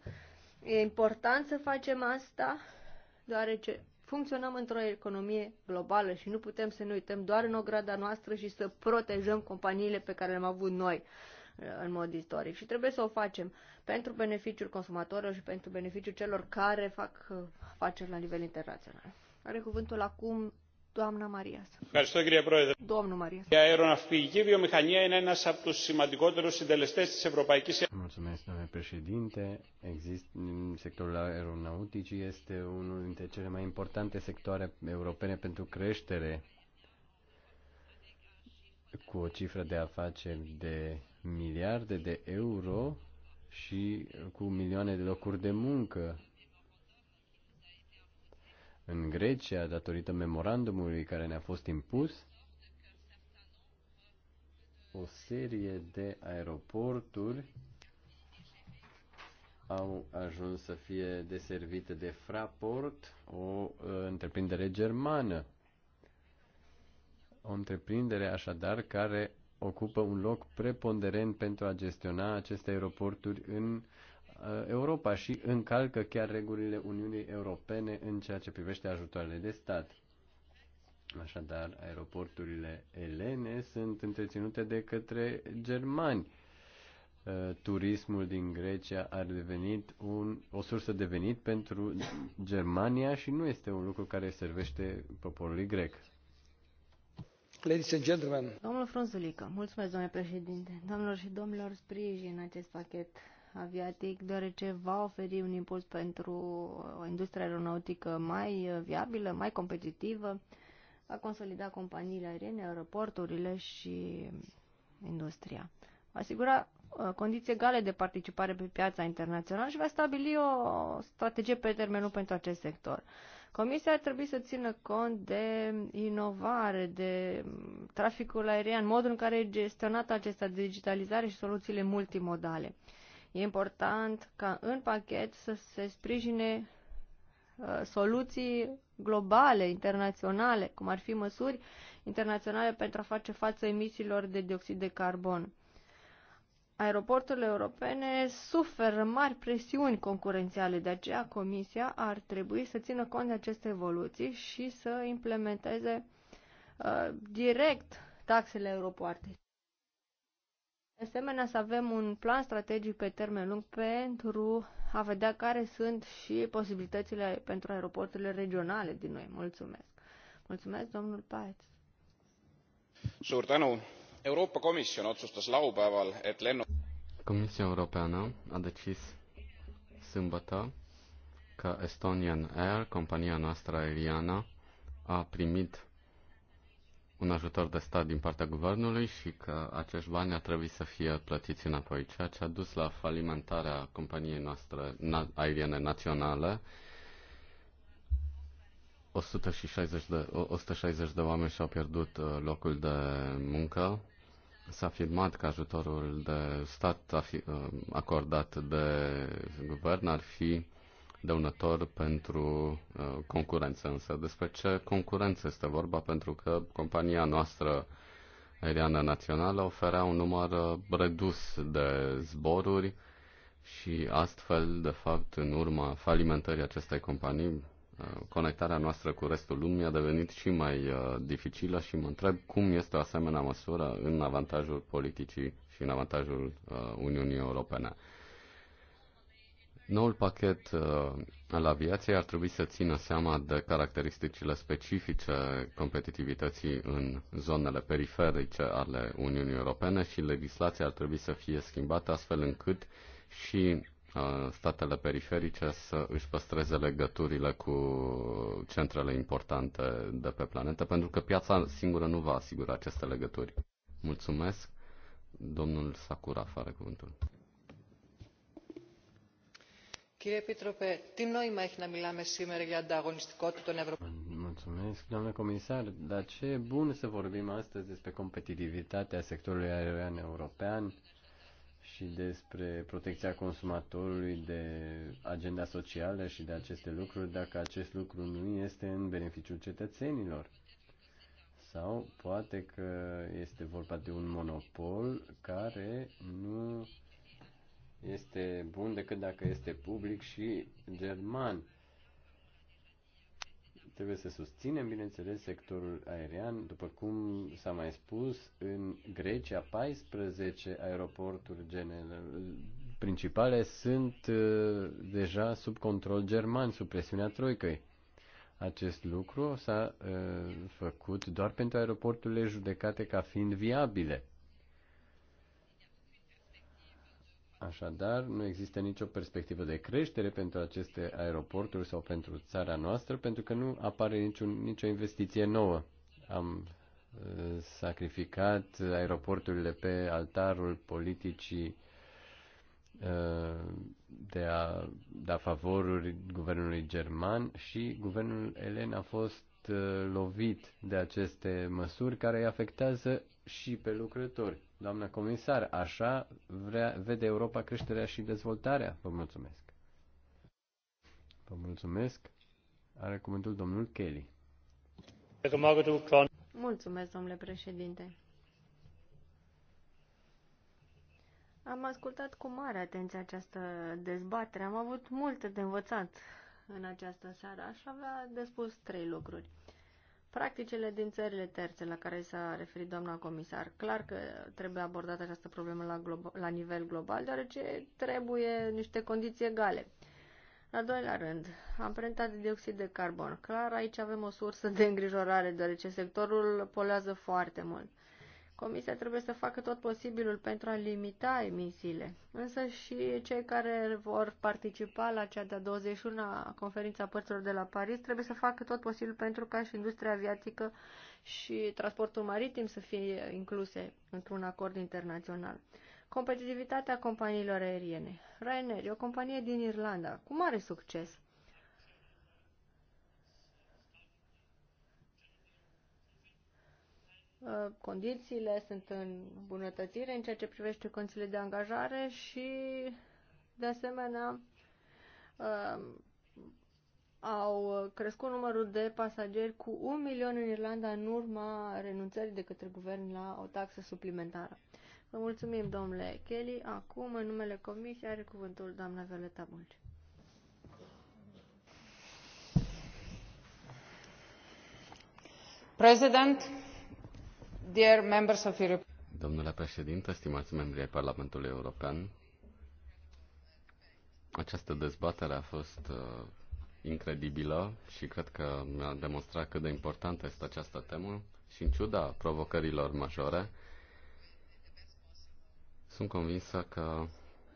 E important să facem asta, deoarece Funcționăm într-o economie globală și nu putem să ne uităm doar în ograda noastră și să protejăm companiile pe care le-am avut noi uh, în mod istoric și trebuie să o facem pentru beneficiul consumatorilor și pentru beneficiul celor care fac uh, afaceri la nivel internațional. Are cuvântul acum Doamna Marias. Ευχαριστώ κύριε Πρόεδρε. Doamna Marias. Η αεροναυπηγική βιομηχανία είναι ένας από τους σημαντικότερους συντελεστές της Ευρωπαϊκής Ένωσης. Mulțumesc, domnule președinte. sectorul aeronauticii este unul dintre cele mai importante sectoare europene pentru creștere cu o cifră de afaceri de miliarde de euro și cu milioane de locuri de muncă în Grecia, datorită memorandumului care ne-a fost impus, o serie de aeroporturi au ajuns să fie deservite de Fraport, o uh, întreprindere germană. O întreprindere așadar care ocupă un loc preponderent pentru a gestiona aceste aeroporturi în uh, Uh, Europa și încalcă chiar regulile Uniunii Europene în ceea ce privește ajutoarele de stat. Așadar, aeroporturile elene sunt întreținute de către germani. Uh, turismul din Grecia ar devenit un, o sursă de venit pentru Germania și nu este un lucru care servește poporului grec. Ladies and gentlemen. Domnul Frunzulică, mulțumesc, domnule președinte. Domnilor și domnilor, sprijin acest pachet aviatic, deoarece va oferi un impuls pentru o industrie aeronautică mai viabilă, mai competitivă, va consolida companiile aeriene, aeroporturile și industria. Va asigura uh, condiții egale de participare pe piața internațională și va stabili o strategie pe termenul pentru acest sector. Comisia ar trebui să țină cont de inovare, de traficul aerian, modul în care e gestionat acesta, digitalizare și soluțiile multimodale. E important ca în pachet să se sprijine uh, soluții globale, internaționale, cum ar fi măsuri internaționale pentru a face față emisiilor de dioxid de carbon. Aeroporturile europene suferă mari presiuni concurențiale, de aceea Comisia ar trebui să țină cont de aceste evoluții și să implementeze uh, direct taxele aeropoarte. De asemenea, să avem un plan strategic pe termen lung pentru a vedea care sunt și posibilitățile pentru aeroporturile regionale din noi. Mulțumesc! Mulțumesc, domnul Paet! Suur tänu! Euroopa Komisjon otsustas laupäeval, et lennu... Comisia Europeană a decis sâmbătă că Estonian Air, compania noastră aeriană, a primit un ajutor de stat din partea guvernului și că acești bani ar trebui să fie plătiți înapoi, ceea ce a dus la falimentarea companiei noastre aeriene naționale. 160 de, 160 de oameni și-au pierdut uh, locul de muncă. S-a afirmat că ajutorul de stat uh, acordat de guvern ar fi dăunător pentru uh, concurență. Însă despre ce concurență este vorba? Pentru că compania noastră aeriană națională oferea un număr uh, redus de zboruri și astfel, de fapt, în urma falimentării acestei companii, uh, conectarea noastră cu restul lumii a devenit și mai dificilă și mă întreb cum este o asemenea măsură în avantajul politicii și în avantajul Uniunii Europene. Noul pachet uh, al aviației ar trebui să țină seama de caracteristicile specifice competitivității în zonele periferice ale Uniunii Europene și legislația ar trebui să fie schimbată astfel încât și uh, statele periferice să își păstreze legăturile cu centrele importante de pe planetă, pentru că piața singură nu va asigura aceste legături. Mulțumesc. Domnul Sakura, fără cuvântul. Mulțumesc, doamnă comisar, dar ce e bun să vorbim astăzi despre competitivitatea sectorului aerian european și despre protecția consumatorului de agenda socială și de aceste lucruri, dacă acest lucru nu este în beneficiul cetățenilor. Sau poate că este vorba de un monopol care nu este bun decât dacă este public și german. Trebuie să susținem, bineînțeles, sectorul aerian. După cum s-a mai spus, în Grecia 14 aeroporturi general, principale sunt uh, deja sub control german, sub presiunea troicăi. Acest lucru s-a uh, făcut doar pentru aeroporturile judecate ca fiind viabile. Așadar, nu există nicio perspectivă de creștere pentru aceste aeroporturi sau pentru țara noastră, pentru că nu apare niciun, nicio investiție nouă. Am uh, sacrificat aeroporturile pe altarul politicii uh, de a da favoruri guvernului german și guvernul elen a fost uh, lovit de aceste măsuri care îi afectează și pe lucrători. Doamna comisar, așa vrea, vede Europa creșterea și dezvoltarea. Vă mulțumesc. Vă mulțumesc. Are cuvântul domnul Kelly. Mulțumesc, domnule președinte. Am ascultat cu mare atenție această dezbatere. Am avut multe de învățat în această seară. Aș avea de spus trei lucruri practicile din țările terțe la care s-a referit doamna comisar. Clar că trebuie abordată această problemă la, global, la nivel global, deoarece trebuie niște condiții egale. Al doilea rând, amprenta de dioxid de carbon. Clar, aici avem o sursă de îngrijorare, deoarece sectorul poluează foarte mult. Comisia trebuie să facă tot posibilul pentru a limita emisiile, însă și cei care vor participa la cea de-a 21-a conferință a părților de la Paris trebuie să facă tot posibilul pentru ca și industria aviatică și transportul maritim să fie incluse într-un acord internațional. Competitivitatea companiilor aeriene. Ryanair e o companie din Irlanda cu mare succes Uh, condițiile sunt în bunătățire în ceea ce privește condițiile de angajare și, de asemenea, uh, au crescut numărul de pasageri cu un milion în Irlanda în urma renunțării de către guvern la o taxă suplimentară. Vă mulțumim, domnule Kelly. Acum, în numele Comisiei, are cuvântul doamna Violeta Bulci. President, Dear members of Europe. Domnule președinte, stimați membri ai Parlamentului European, această dezbatere a fost uh, incredibilă și cred că mi-a demonstrat cât de importantă este această temă și în ciuda provocărilor majore, sunt convinsă că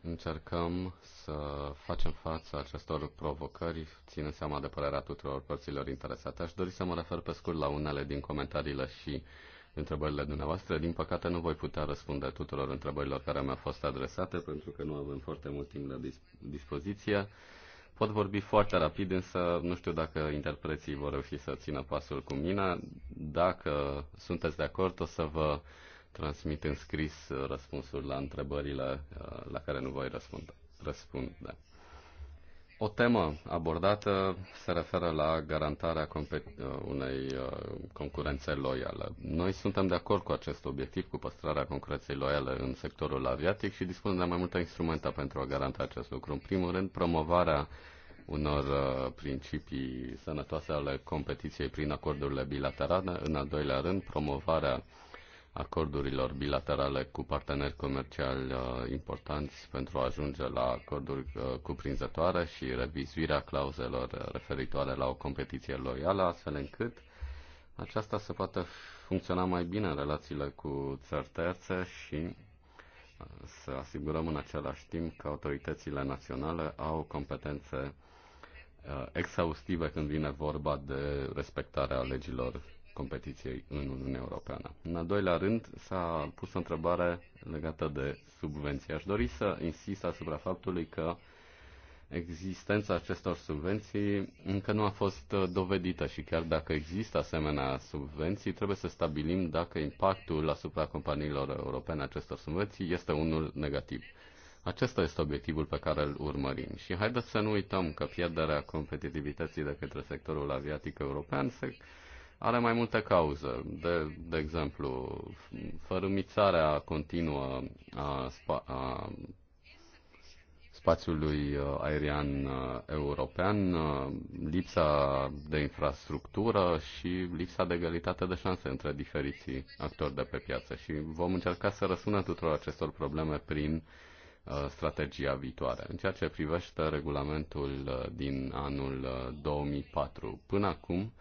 încercăm să facem față acestor provocări, ține seama de părerea tuturor părților interesate. Aș dori să mă refer pe scurt la unele din comentariile și uh, întrebările dumneavoastră. Din păcate nu voi putea răspunde tuturor întrebărilor care mi-au fost adresate pentru că nu avem foarte mult timp la dis- dispoziție. Pot vorbi foarte rapid, însă nu știu dacă interpreții vor reuși să țină pasul cu mine. Dacă sunteți de acord, o să vă transmit în scris răspunsuri la întrebările uh, la care nu voi răspunde. răspunde. O temă abordată se referă la garantarea uh, unei uh, concurențe loiale. Noi suntem de acord cu acest obiectiv, cu păstrarea concurenței loiale în sectorul aviatic și dispunem de mai multe instrumente pentru a garanta acest lucru. În primul rând, promovarea unor uh, principii sănătoase ale competiției prin acordurile bilaterale, în al doilea rând, promovarea acordurilor bilaterale cu parteneri comerciali uh, importanți pentru a ajunge la acorduri uh, cuprinzătoare și revizuirea clauzelor uh, referitoare la o competiție loială, astfel încât aceasta să poată funcționa mai bine în relațiile cu țări terțe și să asigurăm în același timp că autoritățile naționale au competențe exhaustive când vine vorba de respectarea legilor competiției în Uniunea Europeană. În al doilea rând, s-a pus o întrebare legată de subvenții. Aș dori să insist asupra faptului că existența acestor subvenții încă nu a fost uh, dovedită și chiar dacă există asemenea subvenții, trebuie să stabilim dacă impactul asupra companiilor europene acestor subvenții este unul negativ. Acesta este obiectivul pe care îl urmărim și haideți să nu uităm că pierderea competitivității de către sectorul aviatic european se are mai multe cauze, de, de exemplu, fărâmițarea continuă a, spa, a spațiului uh, aerian uh, european, uh, lipsa de infrastructură și lipsa de egalitate de șanse între diferiții actori de pe piață. Și vom încerca să răsunem tuturor acestor probleme prin strategia viitoare. În ceea ce privește regulamentul din anul 2004, până acum,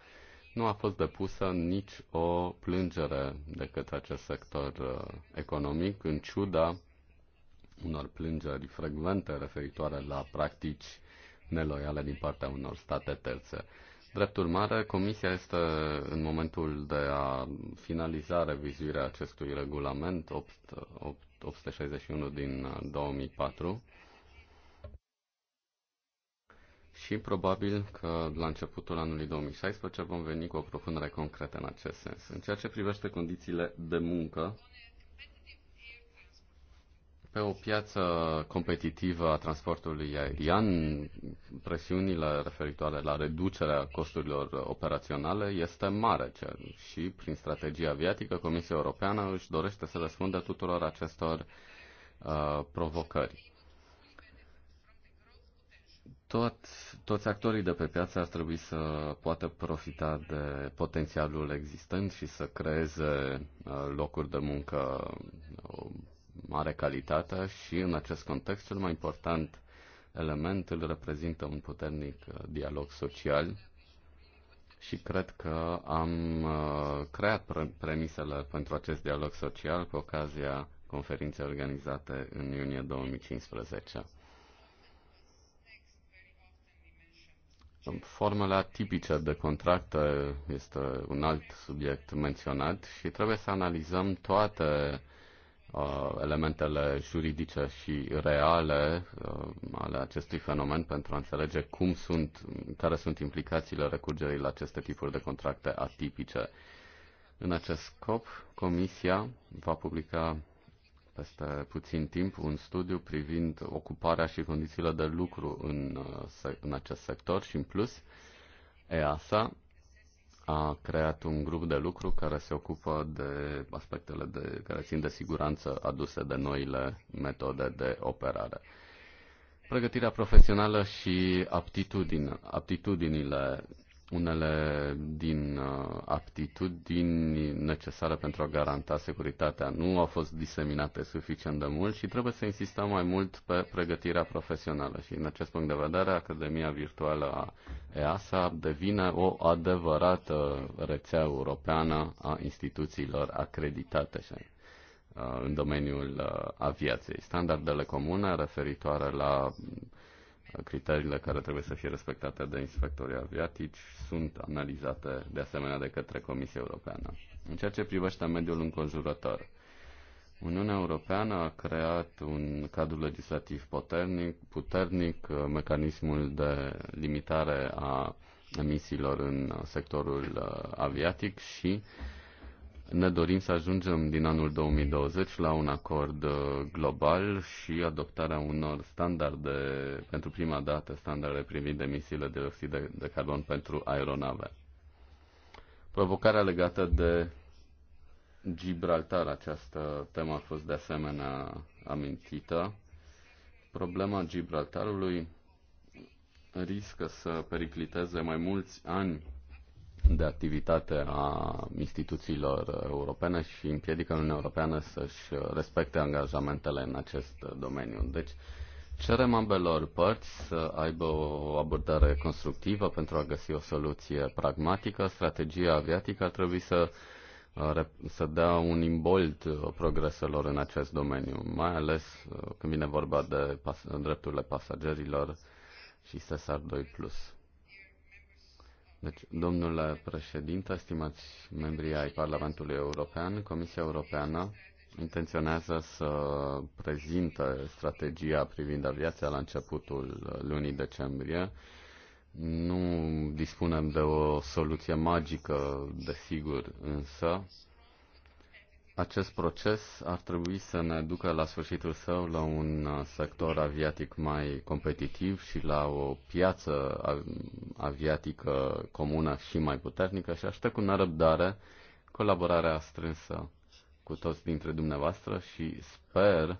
nu a fost depusă nici o plângere de către acest sector uh, economic, în ciuda unor plângeri frecvente referitoare la practici neloiale din partea unor state terțe. Drept urmare, Comisia este în momentul de a finaliza revizuirea acestui regulament 8, 8, 861 din 2004 uh, și probabil că la începutul anului 2016 vom veni cu o propunere concretă în acest sens. În ceea ce privește condițiile de muncă, pe o piață competitivă a transportului aerian, presiunile referitoare la reducerea costurilor operaționale este mare și prin strategia aviatică Comisia Europeană își dorește să răspundă tuturor acestor uh, provocări tot, toți actorii de pe piață ar trebui să poată profita de potențialul existent și să creeze uh, locuri de muncă uh, mare calitate și în acest context cel mai important element îl reprezintă un puternic uh, dialog social și cred că am creat premisele pentru acest dialog social cu ocazia conferinței organizate în iunie 2015. Formula tipică de contracte este un alt subiect menționat și trebuie să analizăm toate uh, elementele juridice și reale uh, ale acestui fenomen pentru a înțelege cum sunt, care sunt implicațiile recurgerii la aceste tipuri de contracte atipice. În acest scop, Comisia va publica peste puțin timp un studiu privind ocuparea și condițiile de lucru în, uh, în acest sector și în plus EASA a creat un grup de lucru care se ocupă de aspectele de, care țin de siguranță aduse de noile metode de operare. Pregătirea profesională și aptitudinile unele din uh, aptitudini necesare pentru a garanta securitatea nu au fost diseminate suficient de mult și trebuie să insistăm mai mult pe pregătirea profesională. Și în acest punct de vedere, Academia Virtuală a EASA devine o adevărată rețea europeană a instituțiilor acreditate și uh, în domeniul uh, aviației. Standardele comune referitoare la criteriile care trebuie să fie respectate de inspectorii aviatici sunt analizate de asemenea de către Comisia Europeană. În ceea ce privește mediul înconjurător, Uniunea Europeană a creat un cadru legislativ puternic, puternic mecanismul de limitare a emisiilor în sectorul uh, aviatic și uh, ne dorim să ajungem din anul 2020 la un acord uh, global și adoptarea unor standarde, pentru prima dată, standarde privind emisiile de oxid de, de carbon pentru aeronave. Provocarea legată de Gibraltar, această temă a fost de asemenea amintită. Problema Gibraltarului riscă să pericliteze mai mulți ani de activitate a instituțiilor europene și împiedică Uniunea Europeană să-și respecte angajamentele în acest domeniu. Deci, cerem ambelor părți să aibă o abordare constructivă pentru a găsi o soluție pragmatică. Strategia aviatică ar trebui să să dea un imbold progreselor în acest domeniu, mai ales uh, când vine vorba de pas- drepturile pasagerilor și SESAR 2+. Deci, domnul președinte, stimați membrii ai Parlamentului European, Comisia Europeană intenționează să prezinte strategia privind aviația la începutul lunii decembrie. Nu dispunem de o soluție magică, desigur, însă acest proces ar trebui să ne ducă la sfârșitul său la un uh, sector aviatic mai competitiv și la o piață aviatică comună și mai puternică și aștept cu nerăbdare colaborarea strânsă cu toți dintre dumneavoastră și sper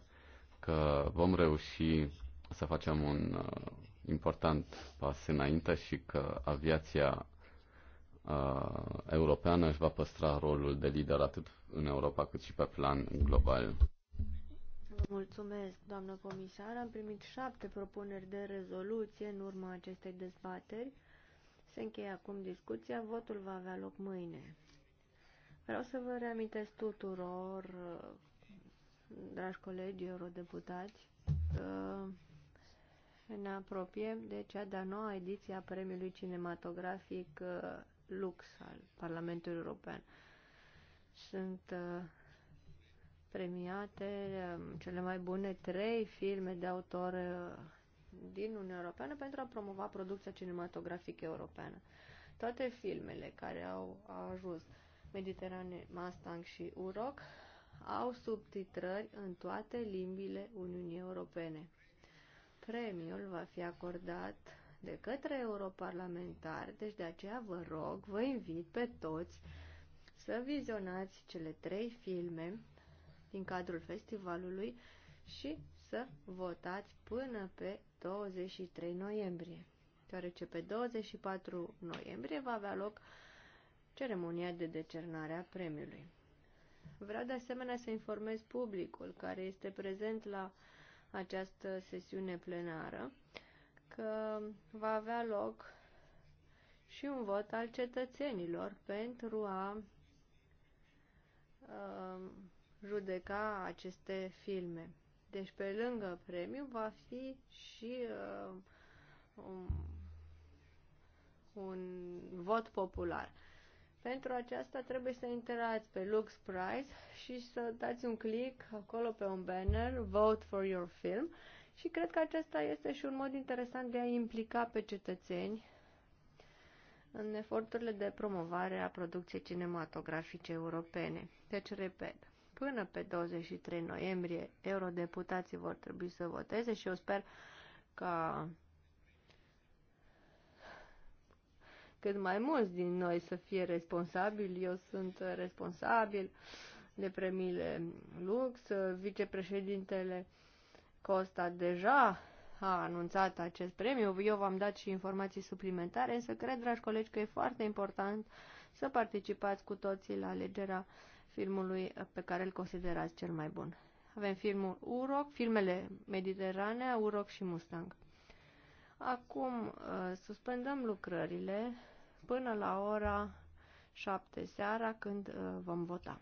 că vom reuși să facem un uh, important pas înainte și că aviația Uh, europeană își va păstra rolul de lider atât în Europa cât și pe plan global. Vă mulțumesc, doamnă comisar. Am primit șapte propuneri de rezoluție în urma acestei dezbateri. Se încheie acum discuția. Votul va avea loc mâine. Vreau să vă reamintesc tuturor, uh, dragi colegi eurodeputați, că uh, ne apropiem de cea de-a noua ediție a premiului cinematografic Lux al Parlamentului European. Sunt uh, premiate um, cele mai bune trei filme de autor uh, din Uniunea Europeană pentru a promova producția cinematografică europeană. Toate filmele care au, au ajuns Mediterane, Mustang și Uroc au subtitrări în toate limbile Uniunii Europene. Premiul va fi acordat de către europarlamentari, deci de aceea vă rog, vă invit pe toți să vizionați cele trei filme din cadrul festivalului și să votați până pe 23 noiembrie, deoarece pe 24 noiembrie va avea loc ceremonia de decernare a premiului. Vreau de asemenea să informez publicul care este prezent la această sesiune plenară că va avea loc și un vot al cetățenilor pentru a uh, judeca aceste filme. Deci pe lângă premiu va fi și uh, un, un vot popular. Pentru aceasta trebuie să intrați pe Lux Prize și să dați un click acolo pe un banner Vote for your film și cred că acesta este și un mod interesant de a implica pe cetățeni în eforturile de promovare a producției cinematografice europene. Deci, repet, până pe 23 noiembrie, eurodeputații vor trebui să voteze și eu sper că cât mai mulți din noi să fie responsabili. Eu sunt responsabil de premiile Lux, vicepreședintele Costa deja a anunțat acest premiu. Eu v-am dat și informații suplimentare, însă cred, dragi colegi, că e foarte important să participați cu toții la alegerea filmului pe care îl considerați cel mai bun. Avem filmul Uroc, filmele Mediterane, Uroc și Mustang. Acum uh, suspendăm lucrările până la ora 7 seara când uh, vom vota.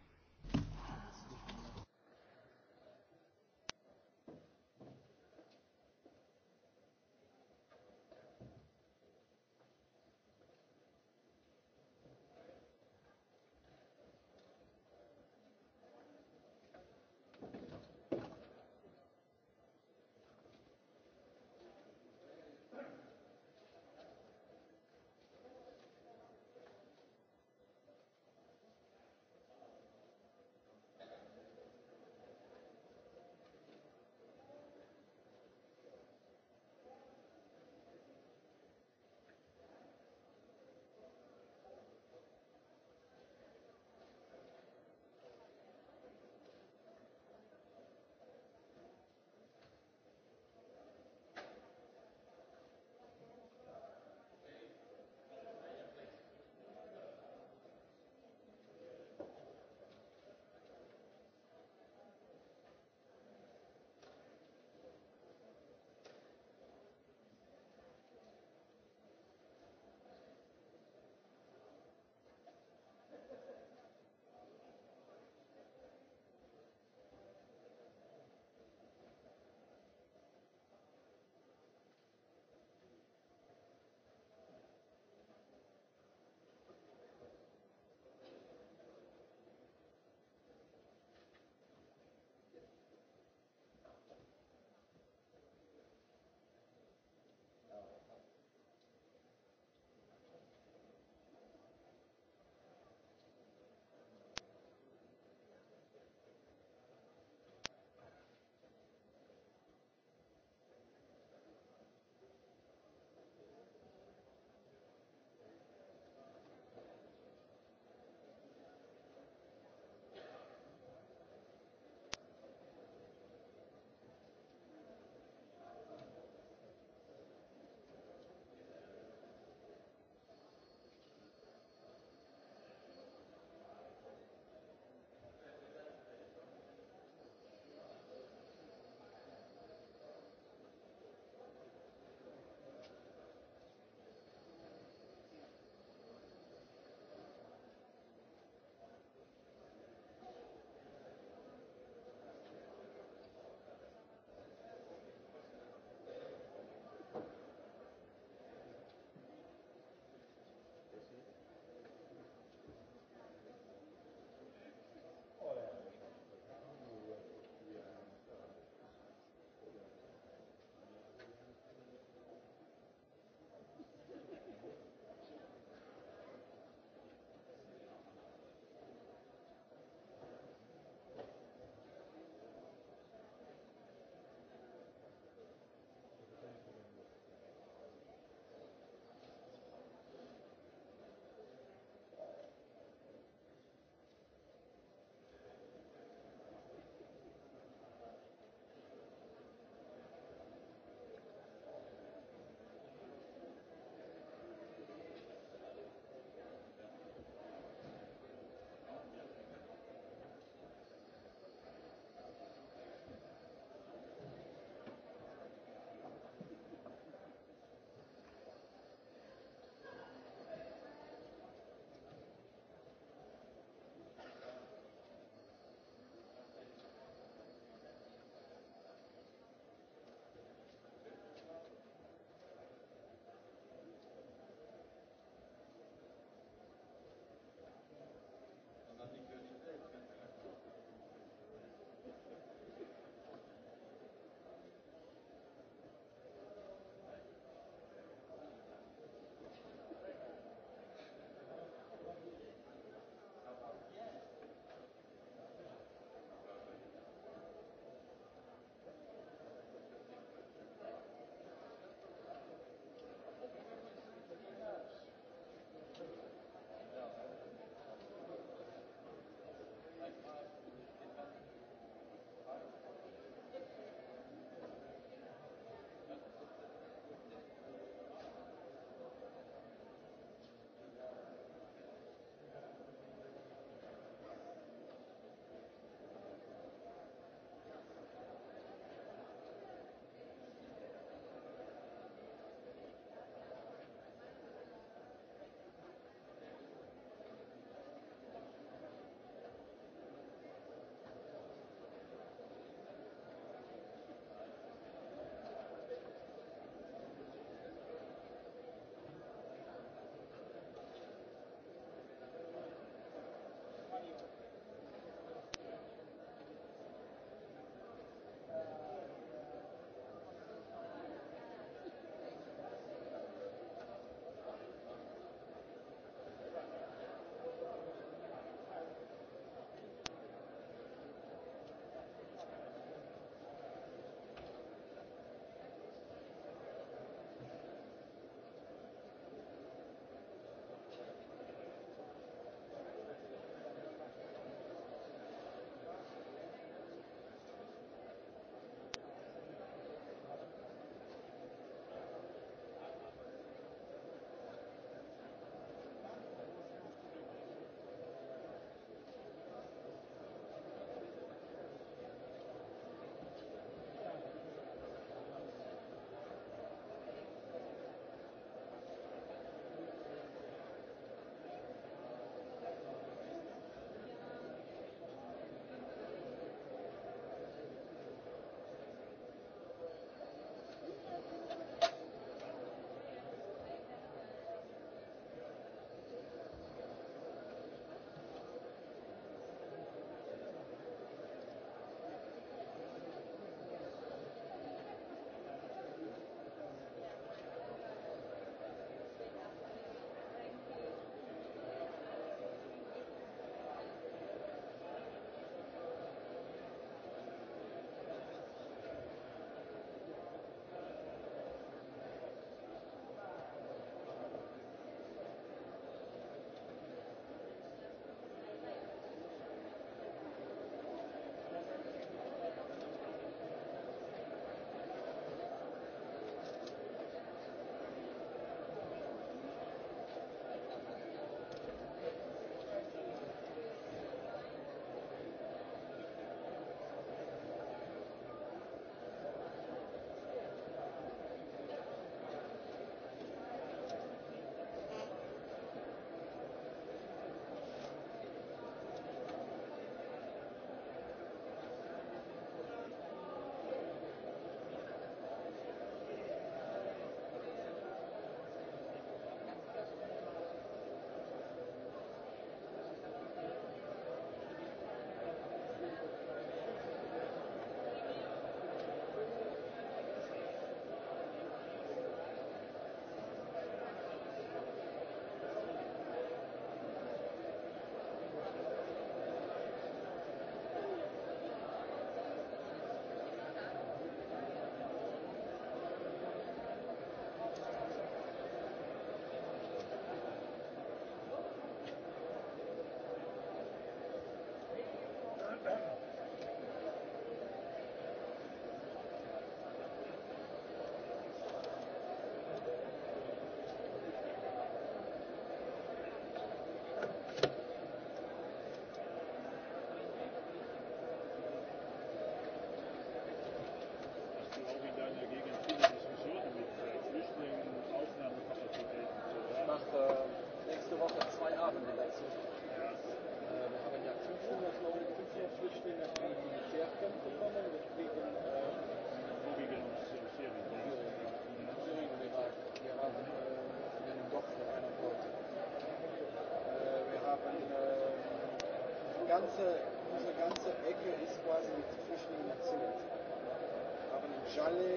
ganze, unsere ganze Ecke ist quasi mit Flüchtlingen erzählt. Wir haben in Jalle,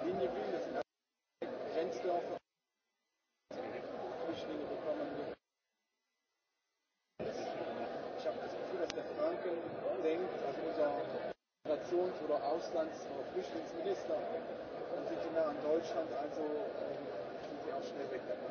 in äh, das sind alle Grenzdörfer, Flüchtlinge bekommen. Ich habe das Gefühl, dass der Franken denkt, also unser Migrations- oder Auslands- oder Flüchtlingsminister, und sind nah an Deutschland, also ähm, sind sie auch schnell weg davon.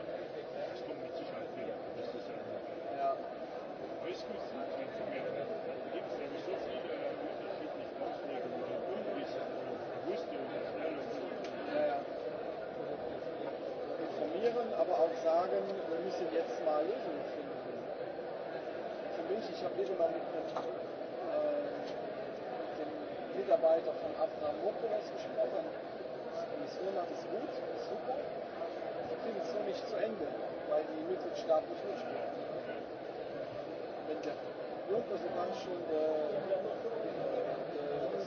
aber auch sagen, wir müssen jetzt mal Lösungen finden. Für mich, ich habe wieder mal mit dem, äh, dem Mitarbeiter von Abraham Avramopoulos gesprochen. Die Kommission hat es gut, ist super. Wir kriegen es nur nicht zu Ende, weil die Mitgliedstaaten nicht mitspielen. Wenn der Juncker sogar schon äh, äh,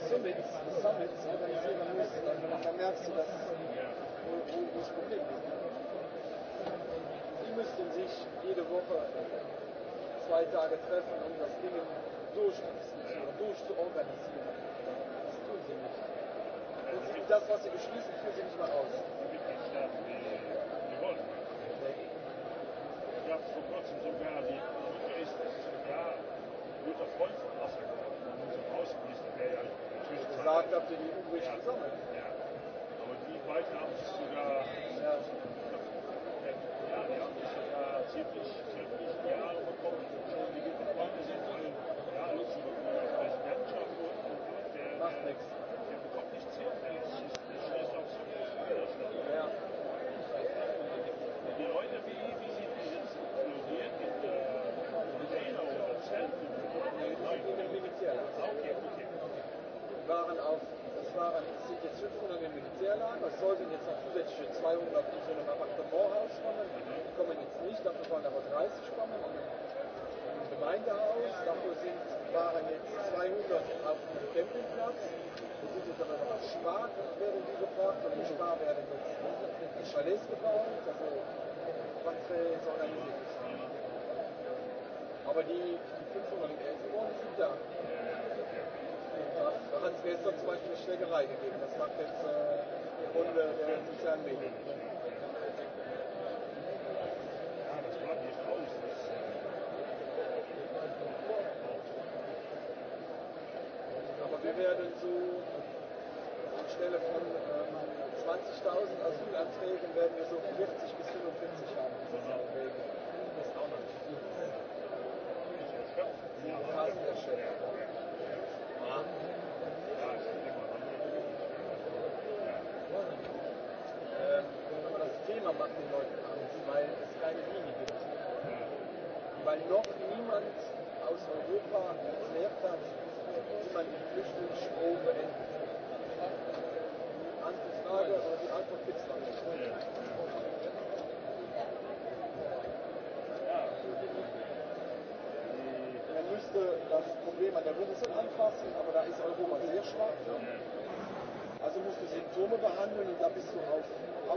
Summits, Summits organisieren muss, dann, dann merkst du, dass wo, wo das Problem ist. Exact, müssten sich jede Woche zwei Tage treffen, um das Ding durchzuziehen, durchzuorganisieren. Das tun sie nicht. Und sie, das, was sie beschließen, führen sie nicht mehr aus. Die Mitgliedstaaten, die, die wollen Ich habe vor kurzem sogar die Minister, ja, guter Freund von Wasser geworden, Außenminister, der ja inzwischen gesagt hat, die EU bricht gesammelt. Fährlein, das soll denn jetzt noch zusätzliche 200 in so einem Appartement kommen. die mhm. kommen jetzt nicht, dafür sollen aber 30 kommen im Gemeindehaus, dafür sind, waren jetzt 200 auf dem Campingplatz, wir sind jetzt aber noch auf Spar, werden die gebracht und die Spar werden jetzt die Chalets gebaut, also was äh, so organisiert ist. Aber die die 500 in Elsenborn sind da. Da hat es gestern zum Beispiel eine Schlägerei gegeben. Das macht jetzt äh, und äh, der sozialen Medien. Ja, das bleibt nicht aus. Das Aber wir werden zu anstelle von ähm, 20.000 Asylanträgen werden wir so 40 bis 45 haben. Das ist auch noch nicht viel. das ist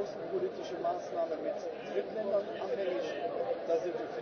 außenpolitische Maßnahme mit Drittländern abhängig. Da sind wir